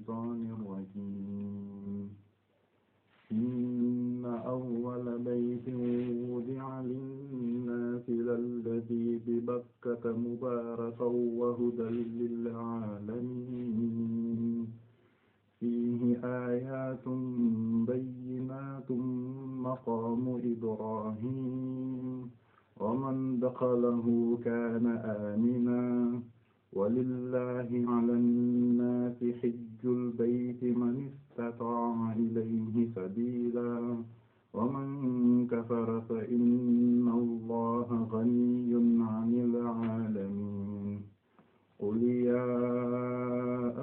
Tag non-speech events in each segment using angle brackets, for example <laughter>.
الشيطان الرجيم إن أول بيت وضع للناس للذي ببكة مباركا وهدى للعالمين فيه آيات بينات مقام إبراهيم ومن دخله كان آمنا ولله على الناس حج البيت من استطاع إليه سبيلا ومن كفر فإن الله غني عن العالمين قل يا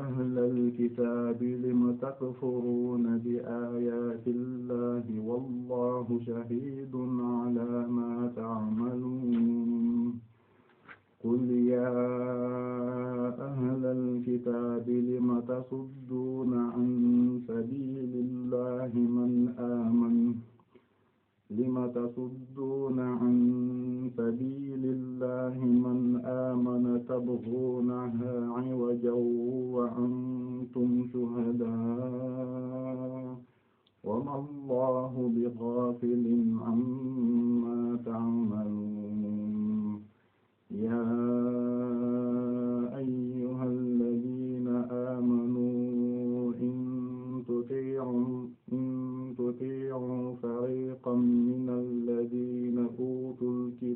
أهل الكتاب لم تكفرون بآيات الله والله شهيد على ما تعملون قل يا أهل الكتاب لم تصدون عن سبيل الله من آمن لم تصدون عن سبيل الله من آمن تبغونها عوجا وأنتم شهداء وما الله بغافل عما تعملون يا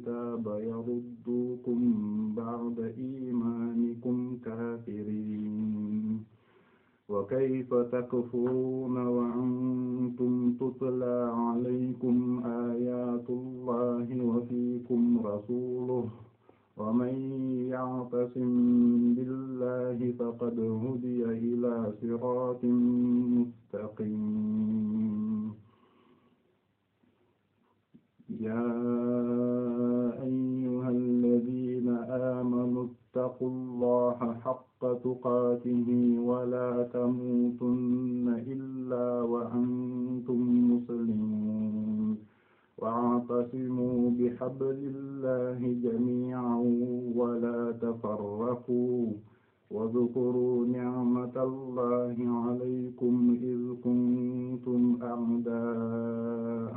الكتاب يردوكم بعد إيمانكم كافرين وكيف تكفرون وأنتم تتلى عليكم آيات الله وفيكم رسوله ومن يعتصم بالله فقد هدي إلى صراط مستقيم يا واتقوا الله حق تقاته ولا تموتن إلا وأنتم مسلمون واعتصموا بحبل الله جميعا ولا تفرقوا واذكروا نعمة الله عليكم إذ كنتم أعداء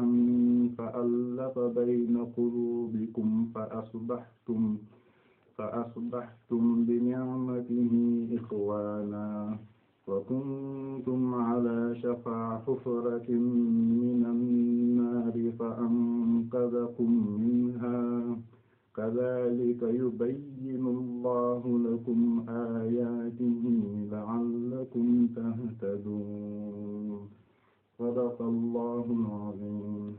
فألف بين قلوبكم فأصبحتم fa asbahtum bi ni'matihi ixwaana wa kuntum ala shafaa xufratin min annaari fa anqadakum minha kadhalika yubayyinu allahu lakum ayatihi la'allakum tahtadun sadaqa allahu al-azim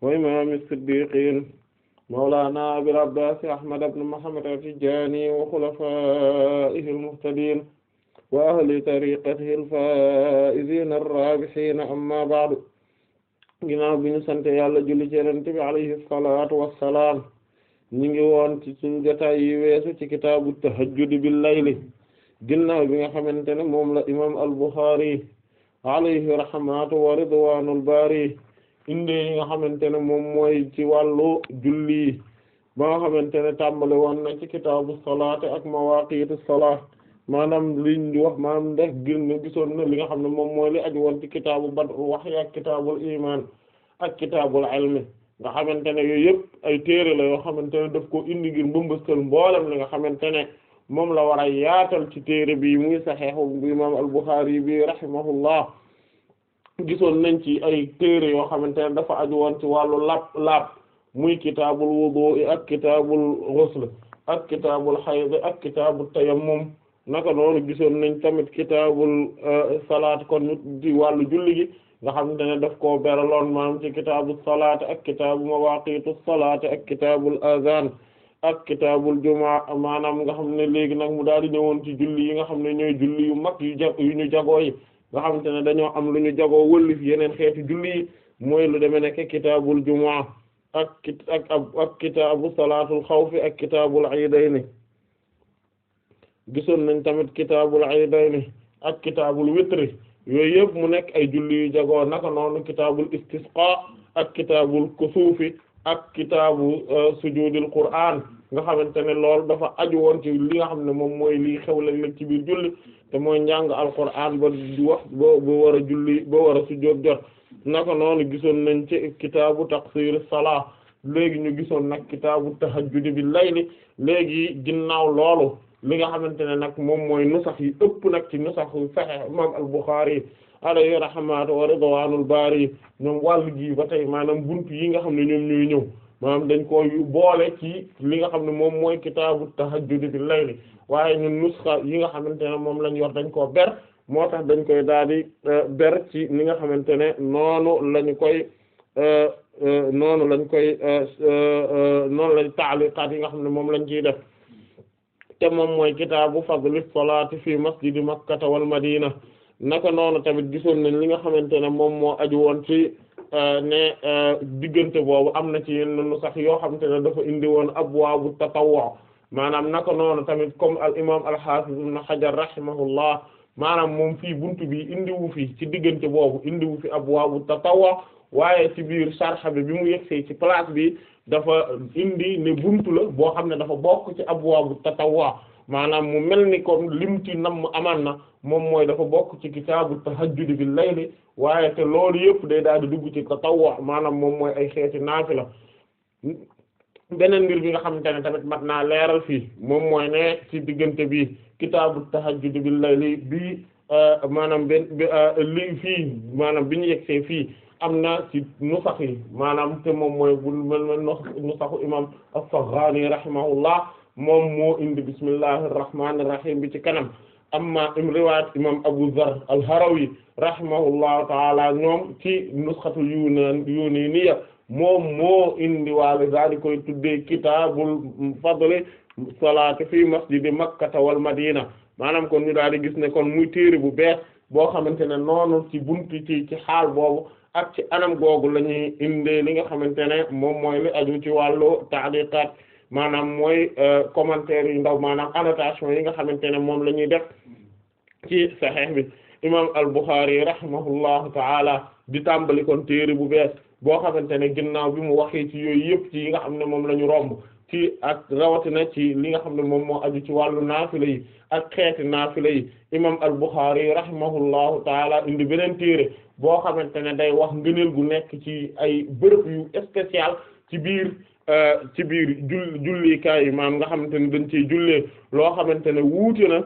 wa imam as-siddiqin mawlana abil abbas ahmad ibn muhammad at-tijani wa khulafaihi al-muhtadin wa ahli tariqatihi al-faizin ar-rabihin amma ba'du ginaaw bi ñu sant yàlla julli ci yonent bi alayhi salatu wassalaam ñu ngi woon ci suñu jotaay yi weesu ci kitaabu tahajjud bil layli ginnaaw bi nga xamante ne moom la imam al-Bukhari alayhi rahmatu wa ridwanul bari indi yi nga xamante ne moom mooy ci wàllu julli ba nga xamante ne tàmbale woon na ci kitaabu salaat ak mawaaqiitu salaat maanaam liñ wax maanaam ndax gir na gisoon na li nga xam ne moom mooy li aju woon ci kitaabu bad'ul wahyi ak kitaabul iman ak kitaabul ilmi nga xamante ne ay téere la yoo xamante ne daf koo indi ngir mbëmbastal mboolem nga xamante ne moom la war a yaatal ci téere bi muy saxiixu bi imaam al-Bukhari bi rahimahullah gisoon nañ ci ay téere yoo xamante ne dafa aju woon ci wàllu laab laab muy kitaabul wudu ak kitaabul ghusl ak kitaabul hayd ak kitaabul tayammum naka noonu gisoon nañ tamit kitaabul euh, salaat kon ci wàllu julli gi nga xamante ne daf koo beraloon maanaam ci kitaabul salaat ak ma mawaaqiitu salaat ak kitaabul azaan ak kitaabul jumaa maanaam nga xam ne léegi nag mu daal di ñëwoon ci julli yi nga xam ne ñooy julli yu mag yu jag yu ñu jagoo yi nga xamante ne dañoo am lu ñu jagoo wëllif yeneen xeetu julli yi mooy lu demee nekk kitaabul jumaa ak ak ak kitaabu salaatul xawfi ak kitaabul iidayni gisoon nañ tamit kitaabul iidayni ak kitaabul witri yooyu yëpp mu nekk ay julli yu jagoo naka noonu kitaabul istisqa ak kitaabul kusuufi ak kitaabu euh, sujudil qur'aan nga xamante ne loolu dafa aju woon ci li nga xam ne moom mooy lii xew léeg ci biir julli te mooy njàng alquran ba di wax boo ba war a julli ba war a sujjóot jot naka noonu gisoon nañ ci kitaabu taqsiir salaa léegi ñu gisoon nag kitaabu tahajjudi bi layli léegi ginnaaw loolu li nga xamante ne nag moom mooy nusax yi ëpp nag ci nusax Sahih imam al-Bukhari alayhi rahmatu wa ridwanul bari ñoom wàll gi ba tey maanaam bunt yi nga xam ne ñoom ñooy ñëw maanaam dañ ko boole ci li nga xam ne moom mooy kitaabu tahajjud bil layli waaye ñun nusxa yi nga xamante ne moom lañ yor dañ koo ber moo tax dañ koy daal di euh, ber ci li nga xamante ne noonu lañu koy euh, euh, noonu lañ koy noonu lañ taaliqaat yi nga xam ne moom lañ ciy def te moom mooy kitaabu fadli salaati fi masjidi makkata wal madina naka noonu tamit gisoon nañ li nga xamante ne moom moo aju woon ci Euh, ne euh, diggante boobu am na ci yenn nu sax yoo xamante ne dafa indi woon abwaabu tatawwu maanaam naka noonu tamit comme al imaam al hafiz ibn hajar rahimahullah maanaam moom fii buntu bi indiwu fi ci diggante boobu indiwu fi abwaabu tatawwu waaye ci biir sarxa bi bi mu yegsee ci place bi dafa indi ne buntu la boo xam ne dafa bokk ci abwaabu tatawwu maanaam mu mel ni comme lim ci nam amaan na moom mooy dafa bokk ci kitaabu tahajjud bil layli waaye te loolu yëpp day daal di dugg ci tatawwu maanaam moom mooy ay xeeti naafila beneen mbir bi nga xamante ne tamit mat naa leeral fii moom mooy ne ci diggante bi kitaabu tahajjud bil layli bii euh, maanaam euh, li fii maanaam bi ñu yegsee fii am na ci nusax yi maanaam te moom mooy bu imam as-Saghani rahimahullah moom moo indi bismillahir rahmanir rahim bi ci kanam amma im riwaayat imam Abu Dharr al-Harawi rahimahullahu taala ñoom ci nusxatu yunan yunaniya moom moo indi waale daal di koy tuddee kitaabul fadli salaati fi masjidi makkata wal madina maanaam kon ñu daal di gis ne kon muy téere bu bees boo xamante ne noonu ci buntu ci ci xaal boobu ak ci anam googu la ñuy indee li nga xamante ne moom mooy li aju ci wàllu taaliqaat maanaam mooy euh, commentaire yu ndaw maanaam annotation yi nga xamante ne moom la ñuy def ci Sahih bi imam al-Bukhari rahimahullahu taala di tàmbali kon téere bu bees boo xamante ne ginnaaw bi mu waxee ci yooyu yëpp ci yi nga xam ne moom la ñu romb ci ak rawatina ci li nga xam ne moom moo aju ci wàllu naafila yi ak xeeti naafila yi imam al-Bukhari rahimahullahu taala indi beneen téere boo xamante ne day wax ngëneel gu nekk ci ay bërëb yu spécial ci biir Euh, ci biir jull jullikaay yi maanaam nga xamante ne dañ ciy jullee loo xamante ne wuute na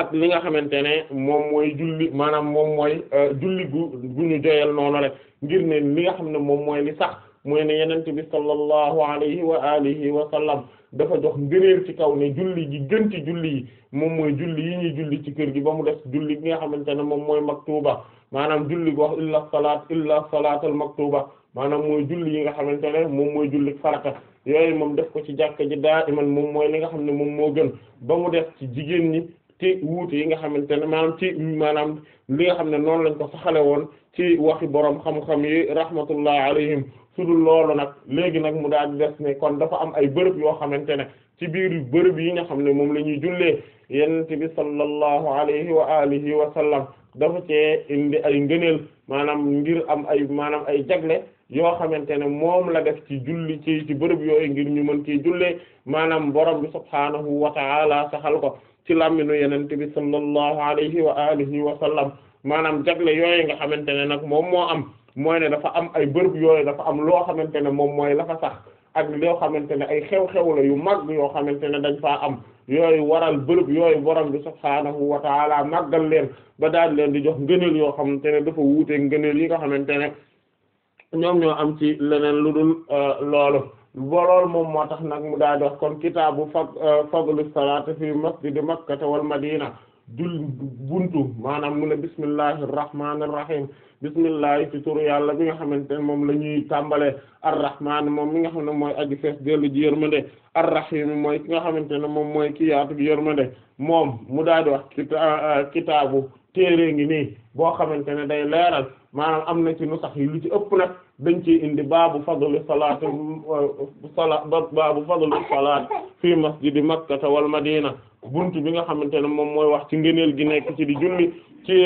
ak li nga xamante ne moom mooy julli maanaam moom mooy euh, julli gu gu ñu joyal rek ngir ne li nga xam ne moom mooy li sax mooy ne yenent bi sallallahu alayhi wa alihi wa sallam dafa jox ngëneel ci kaw ne julli ji gën ci julli moom mooy julli yi ñuy julli ci kër gi ba mu def julli gi nga xamante ne moom mooy maktuba maanaam julli gu wax illa salaat illa salaatul maktuba maanaam mooy julli yi nga xamante ne moom mooy julli farata yooyu moom def ko ci jàkka ji daa iman moom mooy li nga xam ne moom moo gën ba mu def ci jigéen ñi te wuute yi nga xamante ne maanaam ci maanaam li nga xam ne noonu lañ ko saxale woon ci waxi borom xam-xam yi rahmatullah alayhim su dul loolu nag léegi nag mu daal des ne kon dafa am ay bërëb yoo xamante ne ci biir bërëb yi nga xam ne moom la ñuy jullee yonent bi sallallahu alayhi wa alihi wa sallam dafa cee indi ay ngëneel maanaam ngir am ay maanaam ay jagle yoo xamante ne moom la def ci julli ci bërëb yooyu ngir ñu mën ci jullee maanaam borom bi subhaanahu wa ta'ala saxal ko ci làmminu yenente bi sallallahu alayhi wa alihi wa sallam maanaam jagle yooyu nga xamante ne nag moom moo am mooy ne am ay bërëb yooyu dafa am loo xamante ne moom mooy la fa sax ak loo xamante ne ay xew-xew la yu mag yoo xamante ne dañ faa am yooyu waral bërëb yooyu borom bi subhaanahu wa ta'ala màggal leen ba daal leen di jox ngëneel yoo xamante ne dafa wuute ngëneel yi nga xamante ne ñoom ñoo am ci leneen lu dul euh, loolu bolool moom moo tax nag mu daa dox kon kitaabu fag euh, fadlu salaat fi masjidi makkata wal madina jul buntu maanaam mu ne bismillahir rahmanir rahim bismillahi ci turu yàlla bi nga xamante ne moom la ñuy tàmbale arrahman moom mi nga xam ne mooy aji fees dellu ji yërmande mooy ki nga xamante ne moom mooy ki yaatu gi yërmande moom mu daal di wax euh, kitaabu téere ngi nii boo xamante ne day leeral maana am na ci nu sax yi lu ci ëpp nag dañ ci indi baabu fadlu salaat salaat baabu fadlu salaat fi masjidi makkata wal madina buntu bi nga xamante ne moom mooy wax ci ngëneel gi nekk ci di julli ci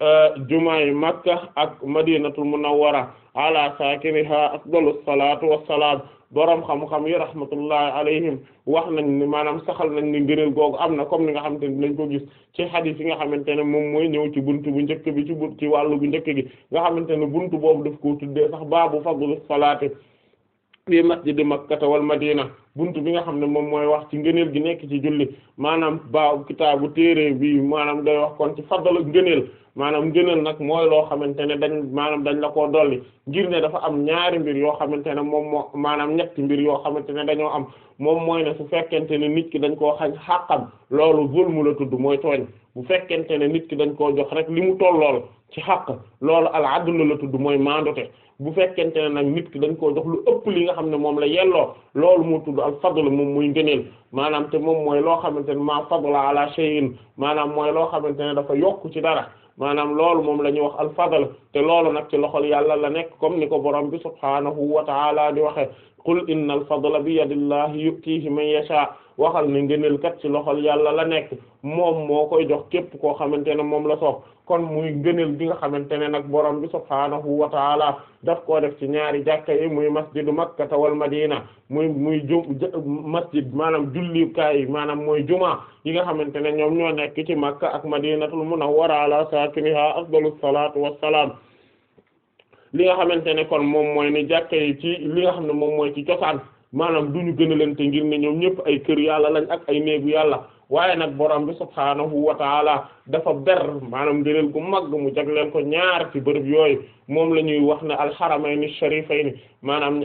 euh, jumaay makka ak madinatul munawwara ala saakiniha afdalu salaatu wassalaam boroom xam-xam yi rahmatullahi alayhim wax nañ ne maanaam saxal nañ ne ngëneel googu am na comme li nga xamante ne dañ koo gis ci xadiis yi nga xamante ne moom mooy ñëw ci bunt bu njëkk bi ci buntu ci wàllu bu njëkk gi nga xamante ne bunt boobu daf ko tuddee sax baabu fadlu salaati fi masjidi makkata wal madina bunt bi nga xam ne moom mooy wax ci ngëneel gi nekk ci julli maanaam baabu kitaabu téere bi maanaam day wax kon ci faddalu ngëneel maanaam ngëneel nag mooy loo xamante ne dañ maanaam dañ la koo dolli ngir ne dafa am ñaari mbir yoo xamante ne moom moo maanaam ñetti mbir yoo xamante ne dañoo am moom mooy ne su fekkente ne nit ki dañ koo xañ xàqam loolu zulmu la tudd mooy tooñ bu fekkente ne nit ki dañ koo jox rek li mu tollool ci xàq loolu al adl la tudd mooy maandote bu fekkente ne nag nit ki dañ koo jox lu ëpp li nga xam ne moom la yelloo loolu moo tudd al-fadl moom muy ngëneel maanaam te moom mooy loo xamante ne maa fadla ala shay'in maanaam mooy loo xamante ne dafa yokk ci dara maanaam loolu moom la ñuy wax al-fadl te loolu nag ci loxol yàlla la nekk comme ni ko borom bi subhaanahu wa ta'ala di waxe qul inna al-fadla bi yadillahi yu'tihi man yasha' waxal ne ngëneel kat ci loxol yàlla la nekk moom moo koy jox képp koo xamante ne moom la soob kon muy ngëneel gi nga xamante ne nag borom bi subhaanahu wa taala daf koo def ci ñaari jàkka yi muy masjidu makkata wal madina muy muy ju masjid maanaam jullikaay maanaam mooy juma yi nga xamante ne ñoom ñoo nekk ci makka ak madinatul munawwara ala saakiniha afdalu wa wassalaam li nga xamante ne kon moom mooy ni jàkka yi ci li nga xam ne moom mooy ci cosaan maanaam du ñu gënalante ngir ne ñoom ñëpp ay kër yàlla lañ ak ay néegu yàlla waaye nag borom bi subhaanahu wa taala dafa ber maanaam ngëneel gu mag mu jagleel ko ñaar ci bërëb yooyu moom la ñuy wax ne alxaramayni sharifayni maanaam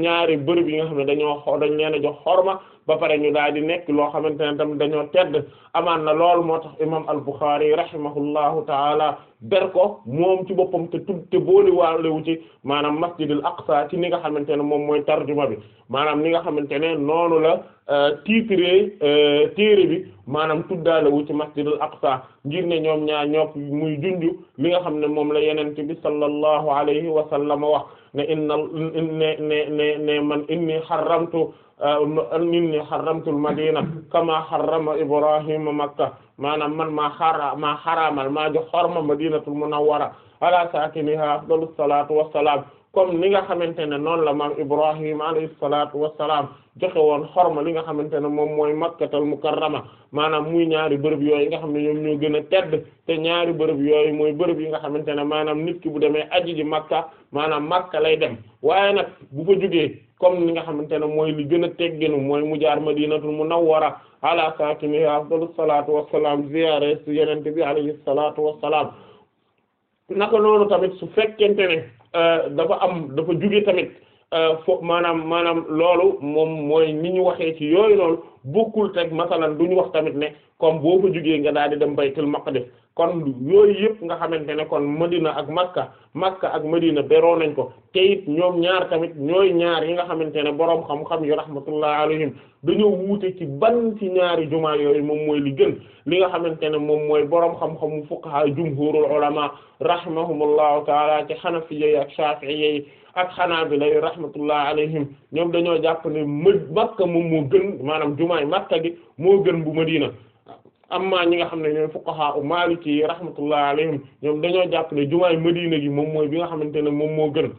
ñaari bërëb yi nga xam ne dañoo dañ leen a jox xorma ba pare ñu daal di nekk loo xamante ne tamit dañoo tedd amaan na loolu moo tax imam al-Bukhari rahimahullahu taala ber ko moom ci boppam te tub te booli waalewu ci maanaam masjidil aqsa ci ni nga xamante ne moom mooy tarjuma bi maanaam ni nga xamante ne noonu la e, titre e, téere bi maanaam tuddaalewu ci masjidil aqsa ngir ne ñoom ñaar ñoo muy junju li nga xam ne moom la yeneen bi sallallahu alayhi wa sallam wax ne inna ne ne ne ne man inni xaramtu uh, inni xaramtul madina kama xarama ibrahima makka maanaam man maa xara maa xaraamal maa jox xorma madinatul munawwara ala saakiniha afdalu salaatu wassalaam comme ni nga xamante ne noonu la maam Ibrahim alayhi salaatu wassalaam joxe woon ma li nga xamante ne moom mooy makkatal mukarrama maanaam muy ñaari bërëb yooyu nga xam ne ñoom ñoo gën a tedd te ñaari bërëb yooyu mooy bërëb yi nga xamante ne maanaam nit ki bu demee aji ji makka maanaam makka lay dem waaye nag bu fa jógee comme ni nga xamante ne mooy li gën a tegginu mooy mu jaar madinatul munawwara ala saakini afdalu salaatu wassalaam ziyaare su yenente bi alayhi salaatu wassalaam naka noonu tamit su fekkente ne Euh, dafa am dafa jóge tamit euh, fo maanaam maanaam loolu moom mooy ni ñu waxee ci yooyu noonu bokkul teg masalan du ñu wax tamit ne comme boo fa jógee nga daal di dem baytul maqdis kon yooyu yëpp nga xamante ne kon Madina ak Makka Makka ak Madina beroo nañ ko te ñoom ñaar tamit ñooy ñaar yi nga xamante ne boroom xam-xam yu rahmatullah alayhim dañoo wuute ci ban ci ñaari jumaa yooyu moom mooy li gën li nga xamante ne moom mooy boroom xam-xamu fuqaha jumhurul ulama rahimahumullahu taala ci xanafiya yi ak shafi'iyya yi ak xanaabila yi rahmatullah alayhim ñoom dañoo jàpp ne Makka moom moo gën maanaam yi Makka gi moo gën bu Madina amma ñi nga xam ne ñooy fuqaha u maliki yi rahmatullah alayhim ñoom dañoo jàpp ne jumaay Madina gi moom mooy bi nga xamante ne moom moo gën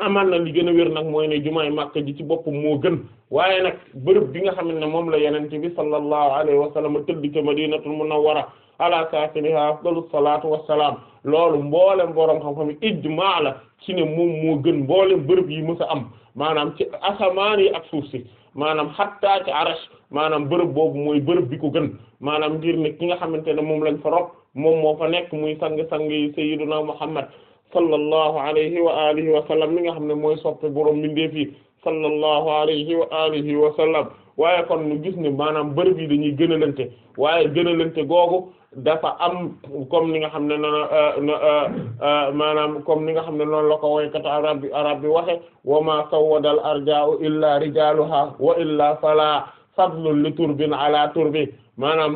amaan na li gën a wér nag mooy ne jumaay Makka ji ci boppam moo gën waaye nag bërëb bi nga xam ne moom la yenente bi sallallahu alayhi wa sallam tëdd ca Madinatul Munawwara ala saakiniha afdalu salaatu wassalaam loolu mboolem boroom xam-xam ijmaa la ci ne moom moo gën mboolem bërëb yi mës a am maanaam ci asamaan yi ak suuf si maanaam xattaa maanaam bërëb boobu mooy bërëb bi ko gën maanaam ngir ne ki nga xamante ne moom lañ fa rob moom moo fa nekk muy sang-sang yi sayyiduna Muhammad sallallahu alayhi wa alihi wa sallam mi nga xam ne mooy soppe borom mbindeef yi sallallahu alayhi wa alihi wa sallam waaye kon ñu gis ne maanaam bërëb yi dañuy gënalante waaye gënalante googu dafa am comme ni nga xam ne noona euh, euh, euh, maanaam comme ni nga xam ne noonu la ko woykata arab bi arab bi waxe wa ma sawwadal arja'u illa rijaluha wa illa fala fadlun li turbin ala turbi maanaam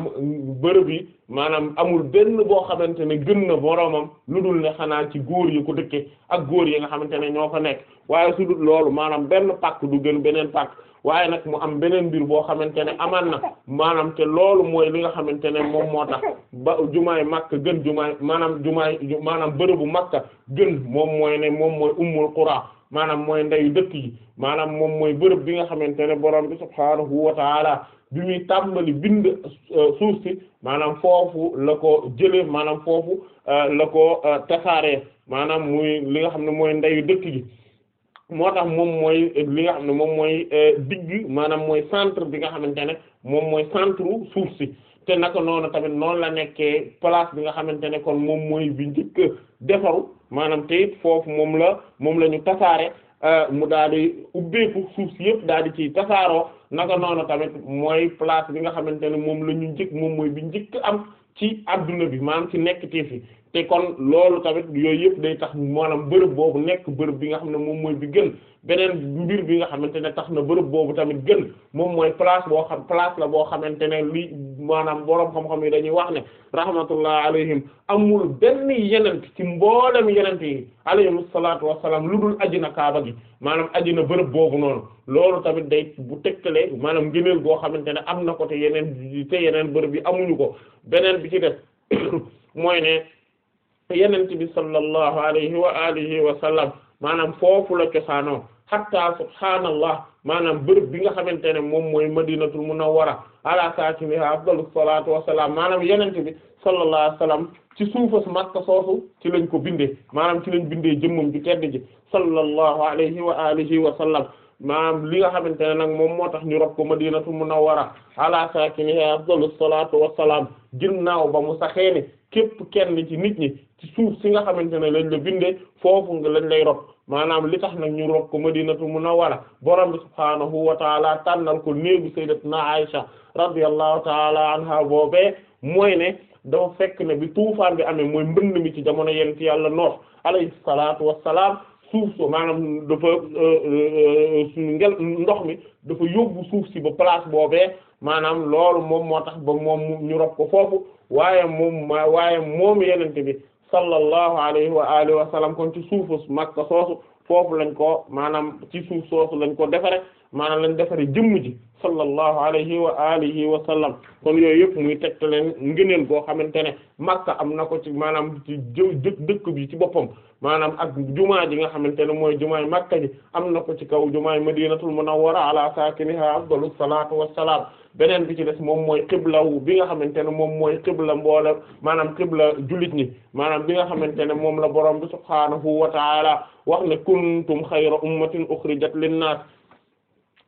bërëb yi maanaam amul benn boo xamante ne gën na boromam lu dul ne xanaa ci góor yi ku dëkke ak góor yi nga xamante ne ñoo fa nekk waaye su loolu maanaam benn pàkk du gën beneen pàkk waaye nag mu am beneen mbir boo xamante ne amaan na maanaam te loolu mooy li nga xamante ne moom moo tax ba jumaay Makka gën jumaay maanaam jumaay maanaam bërëbu Makka gën moom mooy ne moom mooy ummul qura maanaam mooy ndeyu dëkk yi maanaam moom mooy bërëb bi nga xamante ne borom bi subhaanahu wa taala bi muy tàmbali bind euh, suuf si maanaam foofu la ko jëlee maanaam foofu euh, la ko euh, tasaaree maanaam muy li nga xam ne mooy ndeyu dëkk gi moo tax moom mooy li nga xam ne moom mooy digg maanaam mooy centre bi nga xam ne moom mooy centre suuf si te naka noonu tamit noonu la nekkee place bi nga xamante ne kon moom mooy bi njëkk defaru maanaam te foofu moom la moom la ñu tasaare euh, mu daal di ubbeeku suuf si yëpp daal di ciy tasaaroo naka noonu tamit mooy place bi nga xamante ne moom la njëkk moom mooy bi njëkk am ci àdduna bi maanaam ci nekk te fi te kon loolu tamit yooyu yëpp day tax maanaam bërëb boobu nekk bërëb bi nga xam ne moom mooy bi gën beneen mbir bi nga xamante ne tax na bërëb boobu tamit gën moom mooy place boo xam place la boo xamante ne li maanaam boroom xam yi dañuy wax ne rahmatullah alayhim amul benn yenent ci mboolem yenent yi alayhim salaatu wassalaam lu dul aji kaaba gi maanaam aji bërëb boobu noonu loolu tamit day bu tëkkale maanaam ngëneel goo xamante ne am na ko te yeneen te yeneen bërëb yi amuñu ko beneen bi ci def <coughs> mooy ne yenent bi sallallahu alayhi wa alihi wa sallam maanaam foofu la cosaanoo hatta subhaanallah maanaam bërëb bi nga xamante ne moom mooy madinatul munawwara ala saakiniha afdalus salaatu wassalaam maanaam yenent bi sallallahu alayhi wa sallam ci suufas Makka soosu ci lañ ko bindee maanaam ci lañ bindee jëmmam ju tedd ji sallallahu alayhi wa alihi wa sallam maanaam li nga xamante ne nag moom moo tax ñu rob ko madinatul munawwara ala saakiniha afdalus salaatu wassalaam ginnaaw ba mu saxee ne képp kenn ci nit ñi suuf si nga xamante ne lañ la bindee foofu nga lañ lay rob maanaam li tax nag ñu rob ko madinatu munawwara borom bi subhaanahu wa taala tànnal ko néegu sayyidatuna Aisha radiyallahu taala anha boobee mooy ne dafa fekk ne bi tuufaan bi amee mooy mbënd mi ci jamono yent yàlla noox alayhi salaatu wassalaam suuf so maanaam dafa euh, euh, ngel ndox mi dafa yóbbu suuf si ba place boobee maanaam loolu moom moo tax ba moom ñu rob foofu waaye moom waaye moom yenente bi sallallahu alayhi wa alihi wa sallam kon ci suufu Makka soosu foofu lañ ko maanaam ci suuf soosu lañ ko defare maanaam lañ defare jëmm ji sallallahu alayhi wa alihi wa sallam kon yooyu yëpp muy tegtaleen ngëneel goo xamante ne Makka am na ko ci maanaam ci jë dëkk bi ci boppam maanaam ak jumaa ji nga xamante ne mooy jumaay Makka ji am na ko ci kaw jumaay Madinatul Munawwara ala saakiniha afdalus wa wassalaam beneen bi ci des moom mooy xiblawu bi nga xamante ne moom mooy xibla mboola maanaam xibla jullit ñi maanaam bi nga xamante ne moom la borom bi subhaanahu wa taala wax ne kuntum xayra ummatin uxrijat linnaas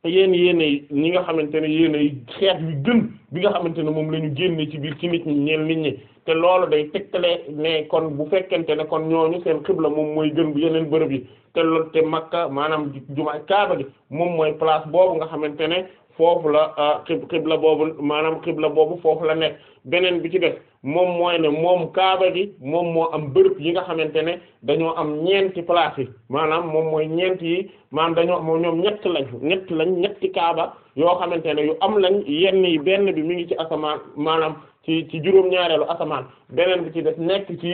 yéen yéenay ñi nga xamante ne yéenay xeet yu gën bi nga xamante ne moom la ñu génne ci biir ci nit ñi ñeel nit ñi te loolu day tegtale ne kon bu fekkente ne kon ñooñu seen xibla moom mooy gën bu yeneen bërëb yi te loolu te Makka maanaam jumaa Kaaba gi moom mooy place boobu nga xamante ne foofu la ah, la boobu maanaam la boobu foofu la nekk beneen bi ci def moom mooy ne moom kaaba gi moom moo am bërëb yi nga xamante ne dañoo am ñeenti place yi maanaam moom mooy ñeent yi maanaam dañoo moom ñoom ñett lañ ñett lañ ñetti kaaba yoo xamante ne yu am lañ yenn yi benn bi mu ngi ci asamaan maanaam ci ci juróom-ñaareelu asamaan beneen bi ci def nekk ci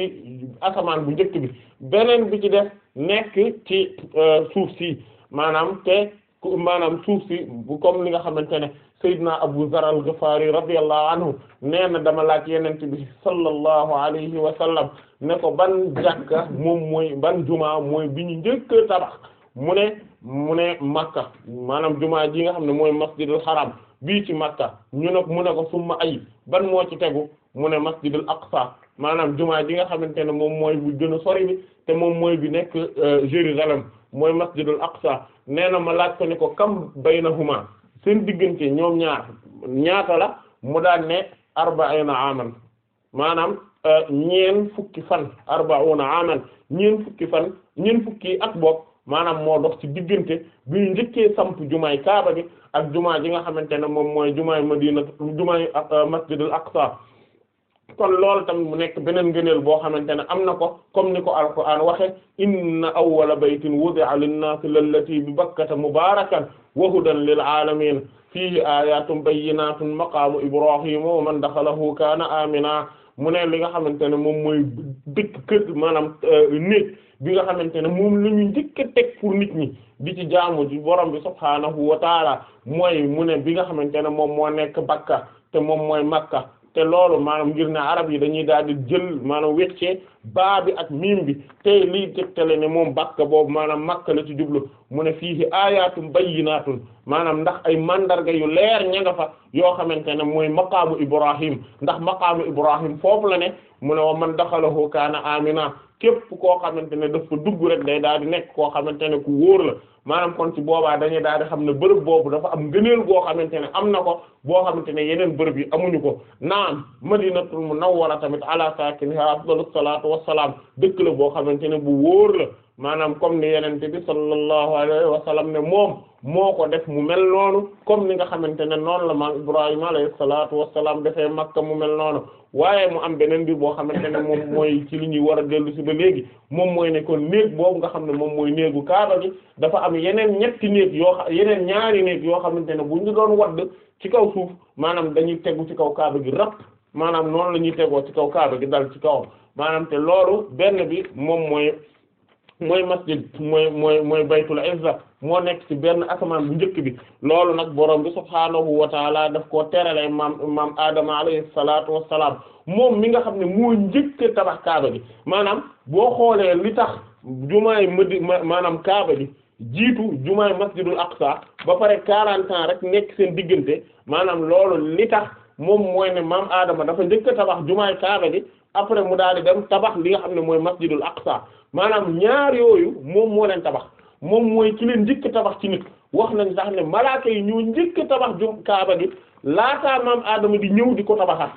asamaan bu njëkk bi beneen bi ci def nekk ci euh, suuf si maanaam te maanaam suuf si bu comme li nga xamante ne Seydina Abu Zar al-Ghifari radiyallahu anhu nee na dama laaj yenente bi sallallahu alayhi wa sallam ne ko ban jàkka moom mooy ban juma mooy bi ñu njëkk a tabax mu ne mu ne Makka maanaam juma ji nga xam ne mooy masjidul haram bii ci Makka ñu ne mu ne ko summa ay ban moo ci tegu mu ne masjidul aqsa maanaam jumaa ji nga xamante ne moom mooy bu gën a sori bi te moom mooy bi nekk euh, Jérusalem mooy masjidul aqsa nee na ma laaj ko ni ko kam baynahuma seen diggante ñoom ñaar ñaata la mu daal ne arba arba'ina aman maanaam euh, ñeen fukki fan arba arba'una aman ñeen fukki fan ñeen fukki ak bokk maanaam moo dox ci diggante bi ñu njëkkee samp jumaay kaaba bi ak jumaa ji nga xamante ne moom mooy jumaay madina jumaay euh, masjidul aqsa kon loolu tamit mu nekk beneen ngëneel boo xamante ne am na ko comme ni ko alquran waxe inna awwala baytin wudi'a lin-naasi lallati bi bakkata mubaarakan wa hudan lil aalamiin fiihi aayaatun bayyinaatun maqaamu ibraahiima wa man daxalahu kaana aamina mu ne li nga xamante ne moom mooy dëkk kër maanaam euh, bi nga xamante ne moom la ñu njëkk teg pour nit ñi bi ci jaamu ci borom bi subhaanahu wa taala mooy mu ne bi nga xamante ne moom moo nekk bakka te moom mooy makka te loolu maanaam ngir ne arab yi dañuy daal di jël maanaam wéccee baa bi ak miim bi te lii tegtale ne moom bakka boobu maanaam makka la ci jublu mu ne fiihi ayatum bayyinatun maanaam ndax ay mandarga yu leer ña nga fa yoo xamante ne mooy maqaamu Ibrahim ndax maqaamu Ibrahim foofu la ne mu ne wa man daxalahu kaana amina képp koo xamante ne daf fa dugg rek day daal di nekk koo xamante ne ku wóor la maanaam kon ci boobaa dañuy daal di xam ne bërëb boobu dafa am ngëneel goo xamante ne am na ko boo xamante ne yeneen bërëb yi amuñu ko naam madinatul munawwara tamit ala saakinihaa afdalus salaatu wassalaam dëkk la boo xamante ne bu wóor la maanaam comme ni yenente bi sallallahu alayhi wa sallam ne moom moo ko def mu mel noonu comme ni nga xamante ne noonu la maam Ibrahima alayhi salaatu wassalaam dafee Makka mu mel noonu waaye mu am beneen bi boo xamante ne moom mooy ci li ñuy war a dellu si ba léegi moom mooy ne néeg boobu nga xam ne moom mooy néegu Kaaba gi dafa am yeneen ñetti néeg yoo xa yeneen ñaari néeg yoo xamante ne bu ñu doon wadd ci kaw suuf maanaam dañuy tegu ci kaw Kaaba gi rap maanaam noonu la ñuy tegoo ci kaw Kaaba gi dal ci kawam maanaam bi moom mooy mooy masjid mooy mooy mooy baytul izza moo nekk ci benn asamaan bu njëkk bi loolu nag boroom bi subhaanahu wa taala daf koo terale maam maam Adama alayhi salaatu wassalaam moom mi nga xam ne mu njëkk tabax kaaba bi maanaam boo xoolee li tax jumaay mëdi maanaam kaaba gi jiitu jumaa jumaay masjidul aqsa ba pare 40 ans rek nekk seen diggante maanaam loolu li tax moom mooy ne maam Adama dafa njëkk tabax jumaa jumaay kaaba bi après mu daal di dem tabax li nga xam ne mooy masjidul aqsa maanaam ñaar yooyu moom moo leen tabax moom mooy ci leen njëkk tabax ci nit wax nañ sax ne malaaka yi ñu njëkk tabax jum kaaba gi laataa maam aadama di ñëw di ko tabaxat